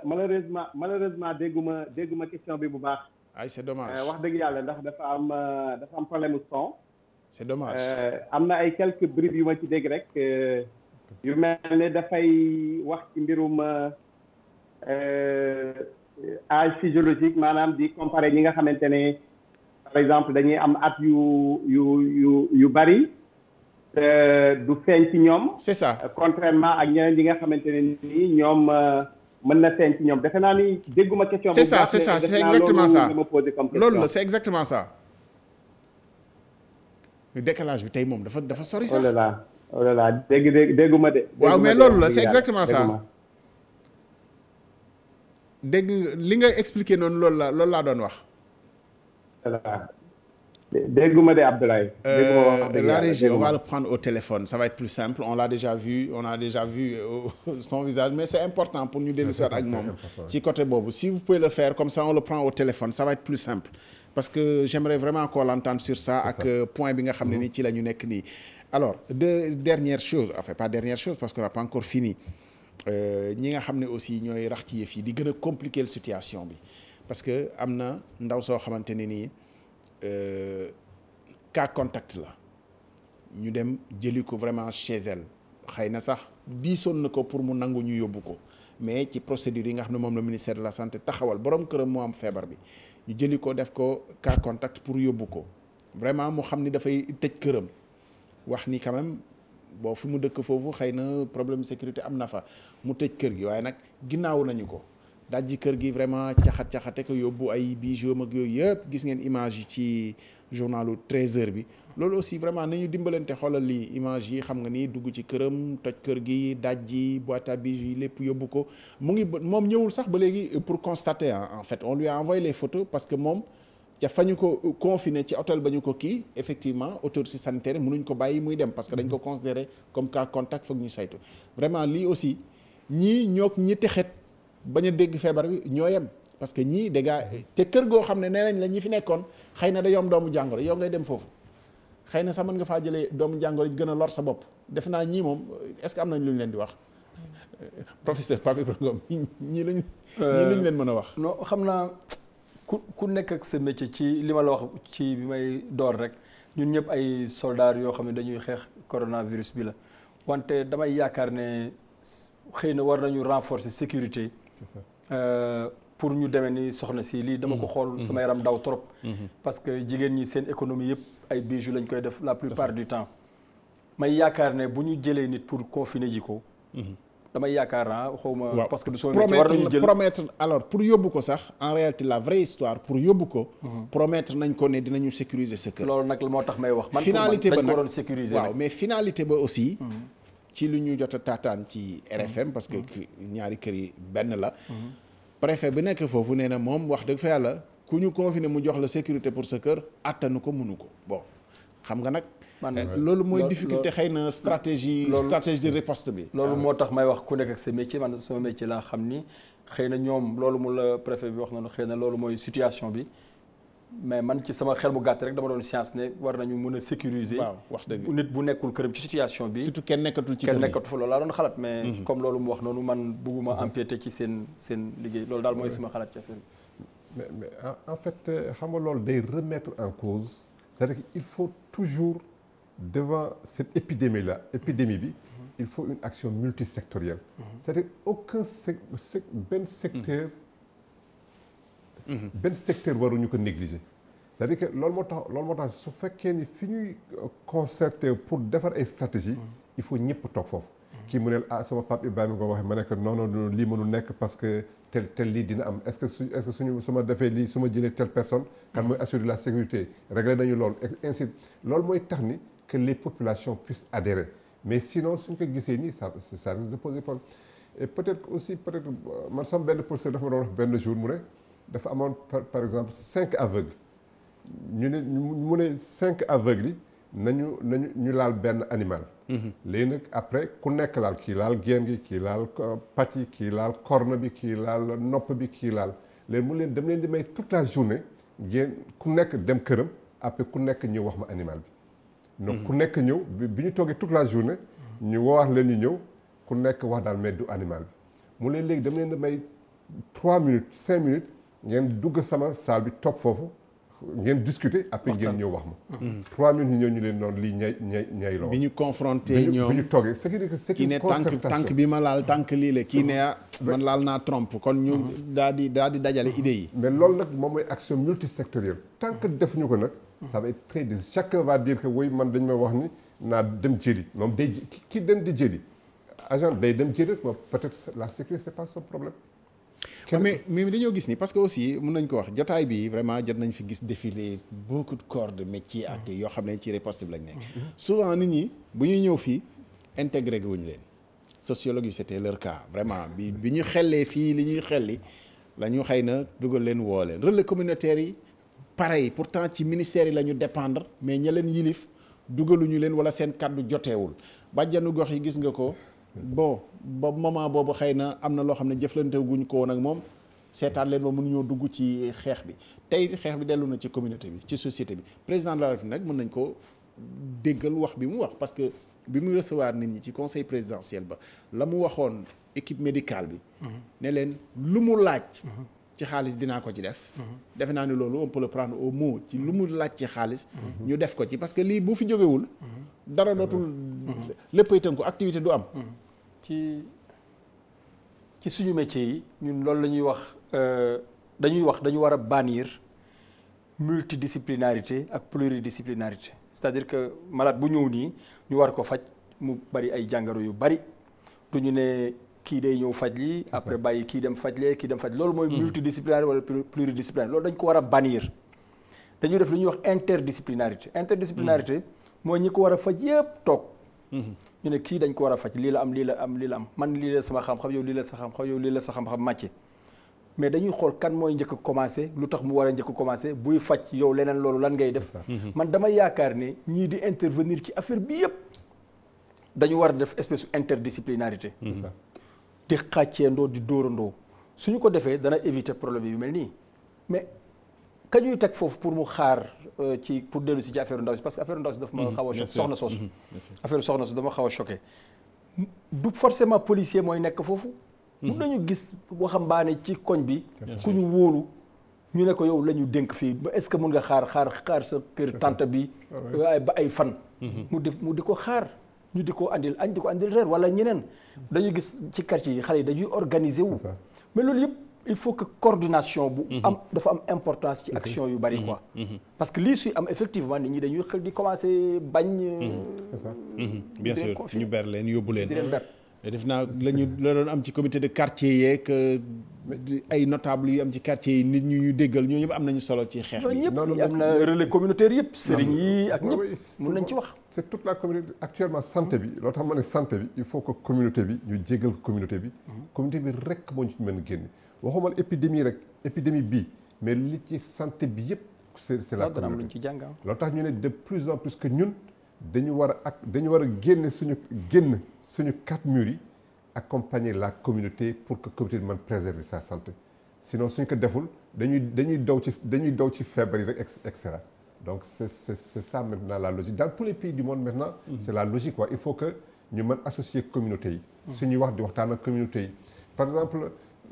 malheureusement malheureusement dégguma dégguma question bi bu baax. ay c'est dommage wax dëgg yàlla ndax dafa am dafa am problème son. c'est dommage am na ay quelques bribes yu ma ci dégg rek. yu mel ne dafay wax ci mbirum. Euh, âge physiologique maanaam di comparer ñi nga xamante ne par exemple dañuy am at yu yu yu yu bari du feeñ ci ñoom. c'est ça euh, contrairement ak ñeneen ñi nga xamante ne ni ñoom euh, mën na feeñ ci ñoom defe naa ni dégguma question. c'est ça c'est ça c'est exactement ça loolu la c'est exactement ça. décalage bi tey moom dafa dafa sori sax. oh là là oh là là dégg dégg dégguma de. waaw mais loolu la c'est dégg li nga expliqué noonu loolu la loolu laa doon wax. dégguma de Abdoulaye. Euh, la régie on va le prendre au téléphone ça va être plus simple on l'a déjà vu on a déjà vu euh, son visage mais c'est important pour ñu dellu si ak moom ci côté boobu si vous pouvez le faire comme ça on le prend au téléphone ça va être plus simple parce que j'aimerais vraiment qu'on l'entende sur ça ak euh, point bi nga xam ne ni mm-hmm. ci la ñu nekk nii alors de dernière chose enfin pas dernière parce qu'on n'a pas Euh, ñi nga xam ne aussi ñooy rax ci yëf yi di gën a compliquer la situation bi parce que am na ndaw soo xamante ne nii euh, cas contact la ñu dem jëli ko vraiment chez elle xëy na sax diisoon na ko pour mu nangu ñu yóbbu ko mais ci procédure yi nga xam ne moom la ministère de la santé taxawal borom këram moo am feebar bi ñu jëli ko def ko cas contact pour yóbbu ko vraiment mu xam ni dafay tëj këram wax ni quand bon fi mu dëkk foofu xëy na problème sécurité am na fa mu tëj kër gi waaye nag ginnaaw nañu ko dajji kër gi vraiment caxat caxate ko yóbbu ay bijoux ak yooyu yëpp gis ngeen image yi ci journalu 13h bi loolu aussi vraiment nañu dimbalante xoolal li image yi xam nga ni dugg ci këram toj kër gi dajj boîte à yi lépp yóbbu ko mu ngi moom ñëwul sax ba léegi pour constater en fait on lui a envoyé les parce que moom. ca fa ñu ko euh, confiné ci hôtel ba ñu ko kii effectivement autorité sanitaire mënuñ ko bàyyi muy dem parce que dañ ko considéré comme cas contact foog ñu saytu vraiment lii aussi ñii ñook ñi texet bañ a dégg feebar bi ñoo yem parce que ñii dégâts te kër goo xam ne nee nañ la ñi fi nekkoon xëy na dañoo am doomu jàngoro yow ngay dem foofu xëy na sax mën nga faa jëlee doomu jàngoro gën a lor sa bopp def naa ñii moom est-ce que am nañ lu ñu leen di wax mm. professeur Pape Ibrahima ñii luñ ñii luñ euh, leen mën a wax xam ku ku nekk ak sa métier ci li ma la wax ci bi may door rek ñun ñëpp ay soldats yoo xam ne dañuy xeex coronavirus bi la wante damay yaakaar ne xëy na war nañu renforcer sécurité. Euh, pour ñu demee ni soxna si lii dama ko mm-hmm. xool sama yaram daw trop mm-hmm. parce que jigéen ñi seen économie yëpp ay bijoux lañ koy def la plupart du temps may yaakaar ne bu ñu jëlee nit pour confiner ji ko mm-hmm. damay yaakaar ah xawma parce que du soo war nañu jël promettre alors pour yóbbu ko sax en réalité la vraie histoire pour yóbbu ko mhm. promettre nañ ko ne dinañu sécuriser sa kër loolu nag moo tax may wax man finalité ba nag waaw mais finalité ba aussi mhm. ci lu ñu jot a taataan ci RFM parce que mhm. ñaari kër yi benn la préfet bi nekk foofu nee na moom wax dëgg fa yàlla ku ñu confiné mu jox la sécurité pour sa kër attanu ko mënu ko bon xam nga nag. Eh, loolu mooy difficulté xëy na stratégie. stratégie de riposte bi. loolu ah. moo tax may wax ku nekk ak sa métier man sama métier laa xam ni xëy na ñoom loolu mu la préfet bi wax noonu xëy na loolu mooy situation bi. mais man ci sama xel mu gàtt rek dama doon science ne war nañu mën a sécuriser. waaw wax dëgg nit bu nekkul këram ci situation bi. surtout kenn nekkatul ci kenn nekkatul fa loolu laa doon xalaat mais. Mhm. comme loolu mu wax noonu man bëgguma mhm. empiété ci seen seen liggéey loolu daal mooy sama xalaat ci affaire bi. Euh, loolu day remettre C'est-à-dire qu'il faut toujours, devant cette épidémie-là, épidémie bi, mhm. il faut une action multisectorielle. Mhm. C'est-à-dire aucun sec, sec, benn secteur. Mhm. benn secteur waruñu ko négliger. cest dire que loolu moo tax loolu moo tax su fekkee ni fi ñuy euh, concerté pour defar ay stratégie il faut ñëpp toog foofu. kii mu ne ah sama pape Ibrahima nga waxee ma ne lii mënul nekk parce que tel tel lii dina am est-ce que su est-ce su ma defee lii su ma jëlee telle personne kan mooy assurer la sécurité réglé nañu lool ainsi loolu mooy tax ni que les populations puissent adhérer mais sinon suñ ko gisee nii ça ça risque de poser problème et peut-être aussi peut-être euh, man sama benn professeur dafa ma doon wax benn jour mu rek dafa amoon par exemple cinq aveugles ñu ne mu ne cinq aveugles yi nañu nañu ñu laal benn animal. Mhm. léegi nag après ku nekk laal kii laal génn gi kii laal pàcc yi kii laal corne bi kii laal nopp bi kii laal léegi mu leen dem leen di may toute la journée ngeen ku nekk dem këram après ku nekk ñëw wax ma animal bi. donc mhm. ku nekk ñëw bi ñu toogee tout la journée. ñu wax leen ñu ñëw ku nekk wax daal mais du animal bi mu leen léegi dem leen di may trois minutes cinq minutes ngeen dugg sama salle bi toog foofu. ngeen discuter après ngeen ñëw wax ma. Hmm. Hmm. trois mille ñoo ñu leen noonu lii ñay ñay ñay loo. bi ñu confronté ñoom bi ñu toogee ce qui dit que c'est kii ne tànk bi ma laal tànk lii la kii ne ah, man laal naa trompe kon ñu hmm. daal di daal di dajale idées yi. mais loolu nag moom mooy action multisectorielle tant que defuñu ko nag. ça va être très difficile chacun va dire que oui man dañ ma wax ni naa dem jëli moom day ki dem di jëli agent day dem jëli rek peut-être la sécurité c'est pas son problème. mais mais dañoo gis ni parce que aussi mun nañ ko wax jotaay bi vraiment jot nañ fi gis défilé beaucoup de corps de métier ak mm-hmm. yoo xam ne ci réposible lañ nekk mm-hmm. souvent nit ñi bu ñuy ñëw fii intégré wuñ leen sociologue yi c'était leur cas vraiment bi bi ñu xellee fii li ñuy xelli la ñu xëy na dugal leen woo leen relais communautaire yi pareil pourtant ci ministère yi la ñu dépendre mais ña leen yilif dugaluñu leen wala seen kàddu joteewul bàjjanu gox yi gis nga ko bon ba moment boobu xëy na am na loo xam ne jëflante guñ ko woon ak moom seetaan leen ba mënu ñoo dugg ci xeex bi tey xeex bi dellu na ci communauté bi ci société bi président de la nag mën nañ ko déggal wax bi mu wax parce que bi muy recevoir nit ñi ci conseil présidentiel ba la mu waxoon équipe médicale bi mhm. ne leen lu mu laaj mhm. ci xaalis dinaa ko ci def mhm. defe naa ni loolu on peut le prendre au mot ci lu mu laaj ci xaalis ñu def ko ci parce que lii bu fi jógewul dara dootul léppay tënku activité du am ci ci suñu métier yi ñun loolu la ñuy wax euh, dañuy wax dañu war a bannir multidisciplinarité ak pluridisciplinarité c'est-à-dire que malade bu ñëw nii ñu war ko faj mu bari ay jàngoro yu bari du ñu ne kii day ñëw faj lii après bàyyi kii dem faj lee kii dem faj loolu mooy hmm. multidisciplinaire wala pluridisciplinaire loolu dañ ko war a bannir dañuy def lu ñuy wax interdisciplinarité interdisciplinarité hmm. mooy ñi ko war a faj yépp toog ñu ne kii dañ ko war a faj lii la am lii la am lii la am man lii sama xam-xam yow lii la sa xam-xam yow lii la sa xam màcce mais dañuy xool kan mooy njëkk a commencé lu tax mu war a njëkk a commencé buy faj yow leneen loolu lan ngay def man damay yaakaar ne ñii di intervenir ci affaire bi yëpp dañu war a def espèce interdisciplinarité di xàccee xàcceendoo di su ñu ko defee dana éviter problème yu mel nii mais kañuy teg foofu pour mu xaar Euh, ci pour dellu si ci affaire ndaw si parce que affaire ndaw si dafa ma mhm, xaw a choqué soxna soosu mhm, affaire soxna soosu dafa ma xaw a choqué du forcément policier mooy nekk foofu mhm. mun nañu gis waxambaane ci koñ bi ku ñu wóolu ñu ne ko yow la ñu dénk fii ba est-ce que mun nga xaar xaar xaar sa kër tante bi ah ba ay fan mu di mu di ko xaar ñu di ko andil añ di ko andil reer wala ñeneen dañuy gis ci quartier yi xale yi dañuy organiser wu mais loolu yëpp il faut que coordination bu mhm. am dafa am importance ci action yu bari mhm. quoi mhm. parce que lii suy am effectivement nit ñi dañuy xel di commencer bañ euh, bien sûr ñu ber leen yóbbu leen def naa la ñu la doon am ci comité de quartier yeeg euh, ay notables yu ci quartier yi nit ñi ñu déggal ñoo ñëpp am nañu solo ci xeex bi. ñëpp am na relais yëpp. sëriñ yi nañ ci wax. c'est toute actuellement santé bi loo tax ma ne santé bi faut que communauté bi ñu jégal ko communauté bi. communauté bi rek moo ñu mën a waxuma épidémie rek épidémie bii mais li ci santé bi yëpp c'est c'est la communauté luñ ci jàng tax ñu ne de plus en plus que ñun dañu war a ak dañu war a génn suñu génn suñu quatre murs yi accompagner la communauté pour que communauté bi mën sa santé sinon suñ deful dañuy dañuy daw ci dañuy daw ci feebar yi rek et cetera donc c'est c'est c'est ça maintenant la logique dans tous les pays du monde maintenant mm-hmm. c'est la logique quoi il faut que ñu mën associer communauté yi mm-hmm. suñuy wax di waxtaan ak communauté yi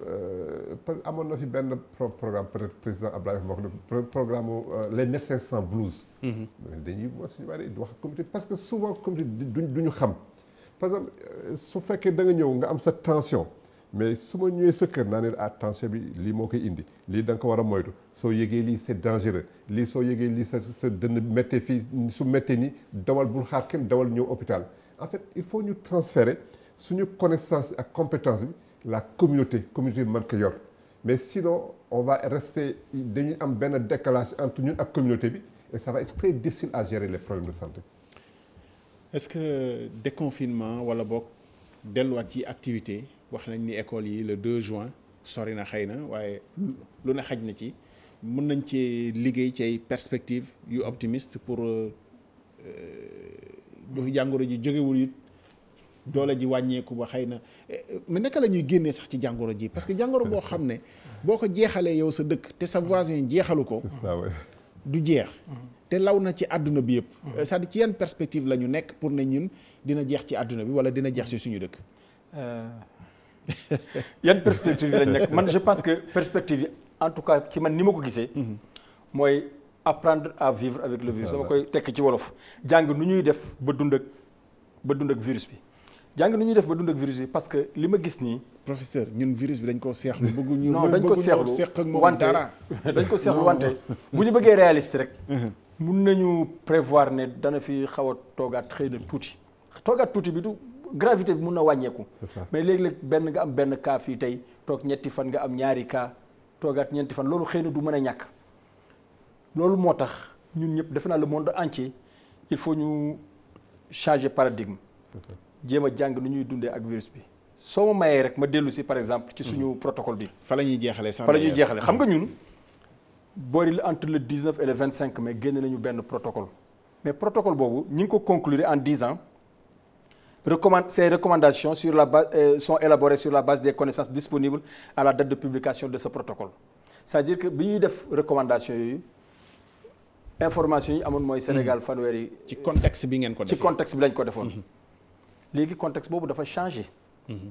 Euh, amoon na fi benn programme peut-être président Abdoulaye Wade moo ko programme euh, les médecins sans blouse. Mm-hmm. dañuy mooy suñu bari wax comité parce que souvent comité duñ duñu xam par exemple euh, su fekkee da nga ñëw nga am sa tension mais su ma ñëwee sa kër naa ne ah tension bi lii moo koy indi lii da nga ko war a moytu soo yëgee lii c'est dangereux lii soo yëgee lii sa sa dënn méttee fii su méttee nii dawal bul xaar kenn dawal ñëw hôpital en fait il faut ñu transférer suñu connaissance ak compétence bi. la communauté communauté bi mais sinon on va rester dañuy am benn décalage entre ñun ak communauté bi et ça va être difficile à gérer les problèmes de santé. est-ce que déconfinement wala boog delluwaat ci activité wax nañ ni école yi le 2 juin sori na xëy na waaye lu ne xaj na ci mun nañ ci liggéey ci ay perspectives yu optimiste pour euh, jàngoro ji jógewul it doole ji wàññeeku ba xëy na eh, eh, mais naka la ñuy génnee sax ci jàngoro ji parce que jàngoro boo xam ne boo ko jeexalee yow sa dëkk te sa voisin jeexalu ko du jeex mm-hmm. te law na ci àdduna bi yëpp mm-hmm. euh, cest à ci yan perspective la ñu nekk pour ne ñun dina jeex ci àdduna bi wala dina jeex ci suñu dëkk euh, yan perspective lañ nekk man je pense que perspective yi en tout cas ci man ni ma ko gisee mm-hmm. mooy apprendre à vivre avec le virus dama koy tekk ci wolof jàng nu ñuy def ba dund ak ba dund ak bi jàng nu ñuy def ba dund ak virus bi parce que li ma gis nii. professeur ñun virus bi dañ koo seexlu bëgguñu. non dañ ko seexlu wante dañ ko seexlu wante bu ñu bëggee réaliste rek. Uh-huh. mun nañu prévoir ne dana fi xaw a toogaat xëy na tuuti toogaat tuuti bi du gravité bi mun na wàññeeku. mais léeg-léeg benn nga am benn cas fii tey toog ñetti fan nga am ñaari kaa toogaat ñetti fan loolu xëy na du mën a ñàkk. loolu moo tax ñun ñëpp defe naa le monde entier il faut ñu changer paradigme. jéem a jàng nu ñuy dundee ak virus bi soo ma mayee rek ma dellu si par exemple ci suñu mhm. protocole bi. fa la ñuy jeexalee fa la ñuy jeexalee xam nga mhm. ñun boori entre le 19 et le 25 mai génne nañu benn protocol mais protocole boobu ñu ngi ko conclure en 10 ans recommande ces recommandations sur la base euh, sont élaborées sur la base de connaissances disponibles à la date de publication de ce protocole c'est-à-dire que bi ñuy def recommandation yi information yi amoon mooy Sénégal mhm. fanweeri. ci contexte bi ngeen ko ci contexte bi lañ ko defoon. léegi contexte boobu dafa changé. Mhm.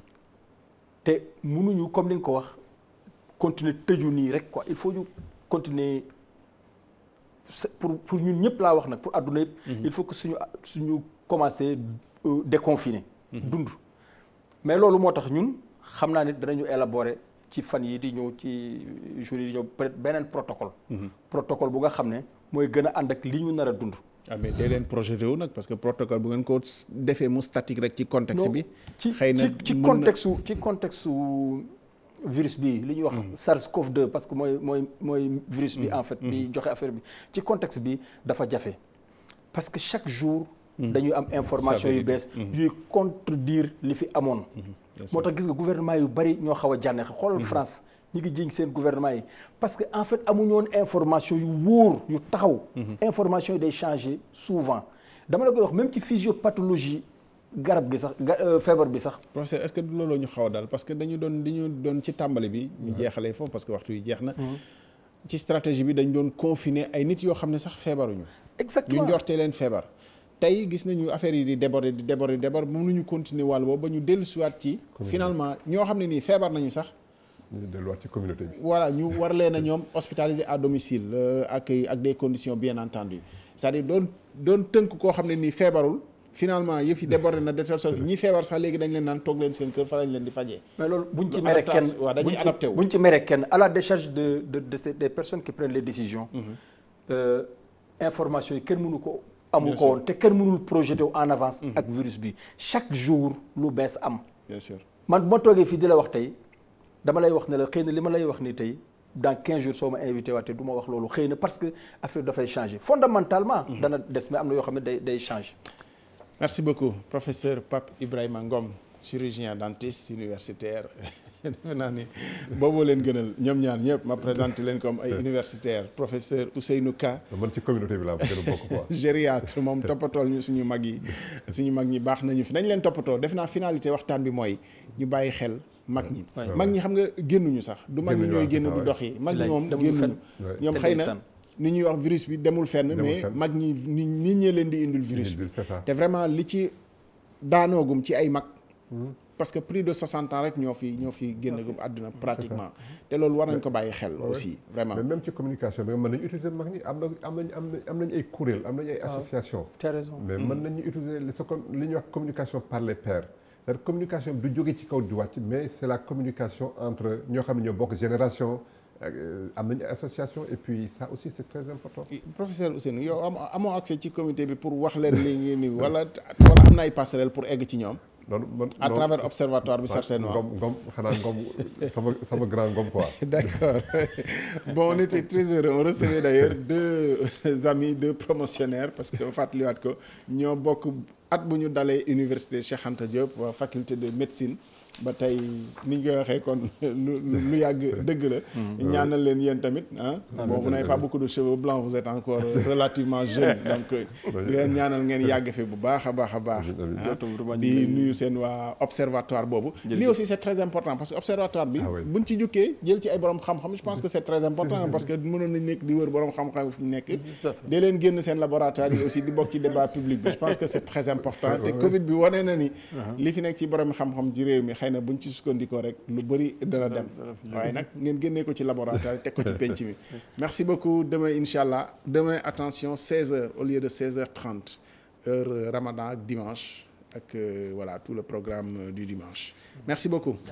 te munuñu comme li nga ko wax continuer tëju nii rek quoi il faut ñu continuer pour pour ñun ñëpp laa wax nag pour àdduna yëpp. Mhm. il faut que suñu suñu commencer euh, déconfiner. Mhm. dund mais loolu moo tax ñun xam naa ne danañu élaborer ci fan yi di ñëw ci jours yi ñëw peut-être beneen protocole. protocole bu nga xam ne mooy gën a ànd ak li ñu nar a dund. ah mais dee leen projeté wu nag parce que protocole bu ngeen ko defee mu statique rek ci contexte bi. xëy na ci contexte ci contexte virus bi li ñuy wax. Mm. SARS-CoV-2 parce que mooy mooy mooy virus bi mm. en fait. Mm. bi joxe affaire bi ci contexte bi dafa jafe parce que chaque jour. dañuy am information yu bees. yuy contredire li fi amoon. Mm-hmm. moo tax gis nga gouvernement yu bari ñoo xaw a jànneex xool mm-hmm. France. ñu ngi jiñ seen gouvernement yi parce que en fait amuñu woon information yu wóor yu taxaw. Mhm. information yi day changer dama la wax même ci physiopathologie. garab gi sax euh, feebar bi sax. professeur est-ce ñu xaw daal parce que dañu doon dañu doon ci tàmbali bi. ñu mhm. jeexalee foofu parce que waxtu yi jeex na. Mhm. ci stratégie bi dañ doon confiner ay nit yoo xam ne sax feebaruñu. exactement ñu njortee leen feebar. tey gis nañu affaire yi di déborder di déborder di déborder ñu continuer wàll boobu ba ñu dellusiwaat ci. finalement ñoo xam ne nii feebar nañu sax. ñu delluwaat ci communauté bi. voilà ñu war leen a ñoom hospitaliser à domicile euh, ak ak des conditions bien entendu cest dire doon tënk koo xam ne nii feebarul. finalement yëf yi débordé na de telle sorte ñi feebar sax léegi dañ leen naan toog leen seen kër fa lañ leen di fajee. mais loolu buñ ci mere kenn waaw dañuy adapté wu buñ de de de des personnes qui prennent les décisions. Mhm. Euh, information yi kenn mënu ko. amu ko woon te kenn mënul projeté wu en avance. Mhm. ak virus bi chaque jour lu bees am. bien man bu ma toogee fii di la wax tey. dama lay wax ne la xëy na li ma lay wax ni tey dans 15 jours soo ma invité waatee du ma wax loolu xëy na parce que affaire dafay changé fondamentalement mhm. dana des mais am na yoo xam ne day day changé. merci beaucoup professeur Pape Ibrahima Ngom chirurgien dentiste universitaire defe naa ni booboo leen gënal ñoom ñaar ñëpp ma présente leen comme ay universitaire professeur Ousseynou Ka. man ci communauté bi laa a moom toppatool suñu mag yi suñu mag ñi baax nañu fi nañ leen toppatoo def naa finalité waxtaan bi mooy ñu bàyyi xel. mag ñi mag ñi xam nga génnuñu sax du mag ñi ñooy génn du dox yi mag ñi moom génnuñu ñoom xëy na ni ñuy wax virus bi demul fenn mais mag ñi ni nit ñee leen di indil virus bi te vraiment li ci daanoogum ci ay mag hmm. parce que plus de soixante ans rek ñoo fi ñoo fi génnagum àdduna pratiquement te loolu war nañ ko bàyyi xel aussi vraiment mais même ci communication bi mën nañu utiliser mag ñi am na am nañ am nañ ay kuréel am nañ ay ah. association mais mën hmm. nañu utiliser li sa li ñuy wax communication par les la communication du jóge ci kaw di wàcc mais c'est la communication entre ñoo xam ne ñoo bokk génération euh, am nañu association et puis c'est très important. professeur Ousseynou yow amoo accès ci comité bi pour wax leen li ngeen ni wala am na ay pour egg ci ñoom. loolu man à travers observatoire bi certainement. ngom ngom xanaa ngom sama grand ngom quoi. d'accord bon on était très on recevait d'ailleurs deux amis deux promotionnaires parce que fàttaliwaat ko ñoo bokk. at bu ñu dalee université Cheikh Anta Diop faculté de médecine ba tey ni ñu koy kon lu yàgg dëgg la. Mm-hmm. ñaanal leen yéen tamit ah. ah bon vous n'avez pas beaucoup de vous êtes encore relativement jeune donc ngeen euh, ñaanal ngeen yàgg fi bu baax a baax a baax. Ah. di nuyu seen waa observatoire boobu. lii aussi c'est très important parce que observatoire bi. Ah buñ ci jukkee jël ci ay borom xam-xam je pense que c'est très important parce que mënoon nañ nekk di wër borom xam-xam fu nekk. di leen génn seen laboratoire yi aussi di bokk na buñ ci sukkandikoo rek lu bëri dana dem waaye nag ngeen génnee ko ci laboratoire teg ko ci penc mi merci beaucoup demain incha allah demain attention 16 au lieu de 16h30 heure euh, ramadan ak dimanche ak euh, voilà tout le programme euh, du dimanche merci beaucoup